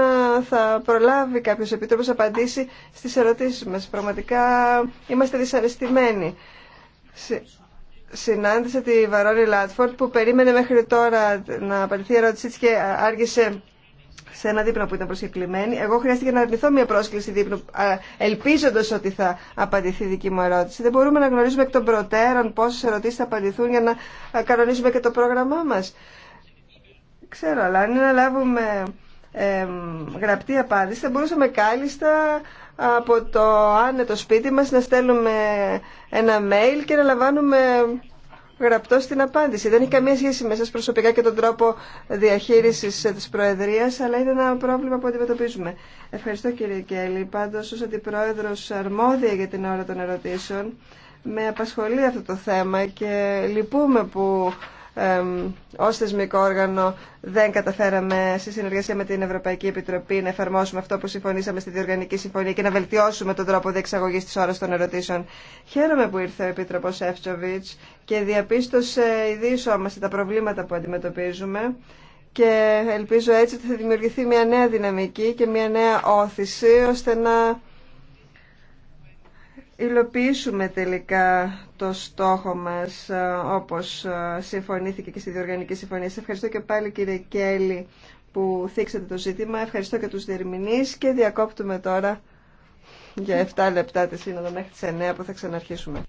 S1: θα προλάβει κάποιος επίτροπος απαντήσει στις ερωτήσεις μας. Πραγματικά είμαστε δυσαρεστημένοι. Συνάντησα τη Βαρόνι Λάτφορντ που περίμενε μέχρι τώρα να απαντηθεί η ερώτησή της και άργησε σε ένα δείπνο που ήταν προσκεκλημένη. Εγώ χρειάστηκε να αρνηθώ μια πρόσκληση δείπνου, ελπίζοντα ότι θα απαντηθεί η δική μου ερώτηση. Δεν μπορούμε να γνωρίζουμε εκ των προτέρων πόσε ερωτήσει θα απαντηθούν για να κανονίζουμε και το πρόγραμμά μα. Ξέρω, αλλά αν είναι να λάβουμε γραπτή απάντηση θα μπορούσαμε κάλλιστα από το άνετο σπίτι μας να στέλνουμε ένα mail και να λαμβάνουμε γραπτό στην απάντηση. Δεν έχει καμία σχέση με σας προσωπικά και τον τρόπο διαχείρισης ε, της Προεδρίας, αλλά είναι ένα πρόβλημα που αντιμετωπίζουμε. Ευχαριστώ κύριε Κέλλη. Πάντως ως αντιπρόεδρος αρμόδια για την ώρα των ερωτήσεων, με απασχολεί αυτό το θέμα και λυπούμε που ως θεσμικό όργανο δεν καταφέραμε σε συνεργασία με την Ευρωπαϊκή Επιτροπή να εφαρμόσουμε αυτό που συμφωνήσαμε στη Διοργανική Συμφωνία και να βελτιώσουμε τον τρόπο διεξαγωγής της ώρας των ερωτήσεων. Χαίρομαι που ήρθε ο Επίτροπος Εύτσοβιτς και διαπίστωσε μας τα προβλήματα που αντιμετωπίζουμε και ελπίζω έτσι ότι θα δημιουργηθεί μια νέα δυναμική και μια νέα όθηση ώστε να υλοποιήσουμε τελικά το στόχο μας ε, όπως ε, συμφωνήθηκε και στη Διοργανική Συμφωνία. ευχαριστώ και πάλι κύριε Κέλλη που θίξατε το ζήτημα. Ευχαριστώ και τους διερμηνείς και διακόπτουμε τώρα για 7 λεπτά τη σύνοδο μέχρι τις 9 που θα ξαναρχίσουμε.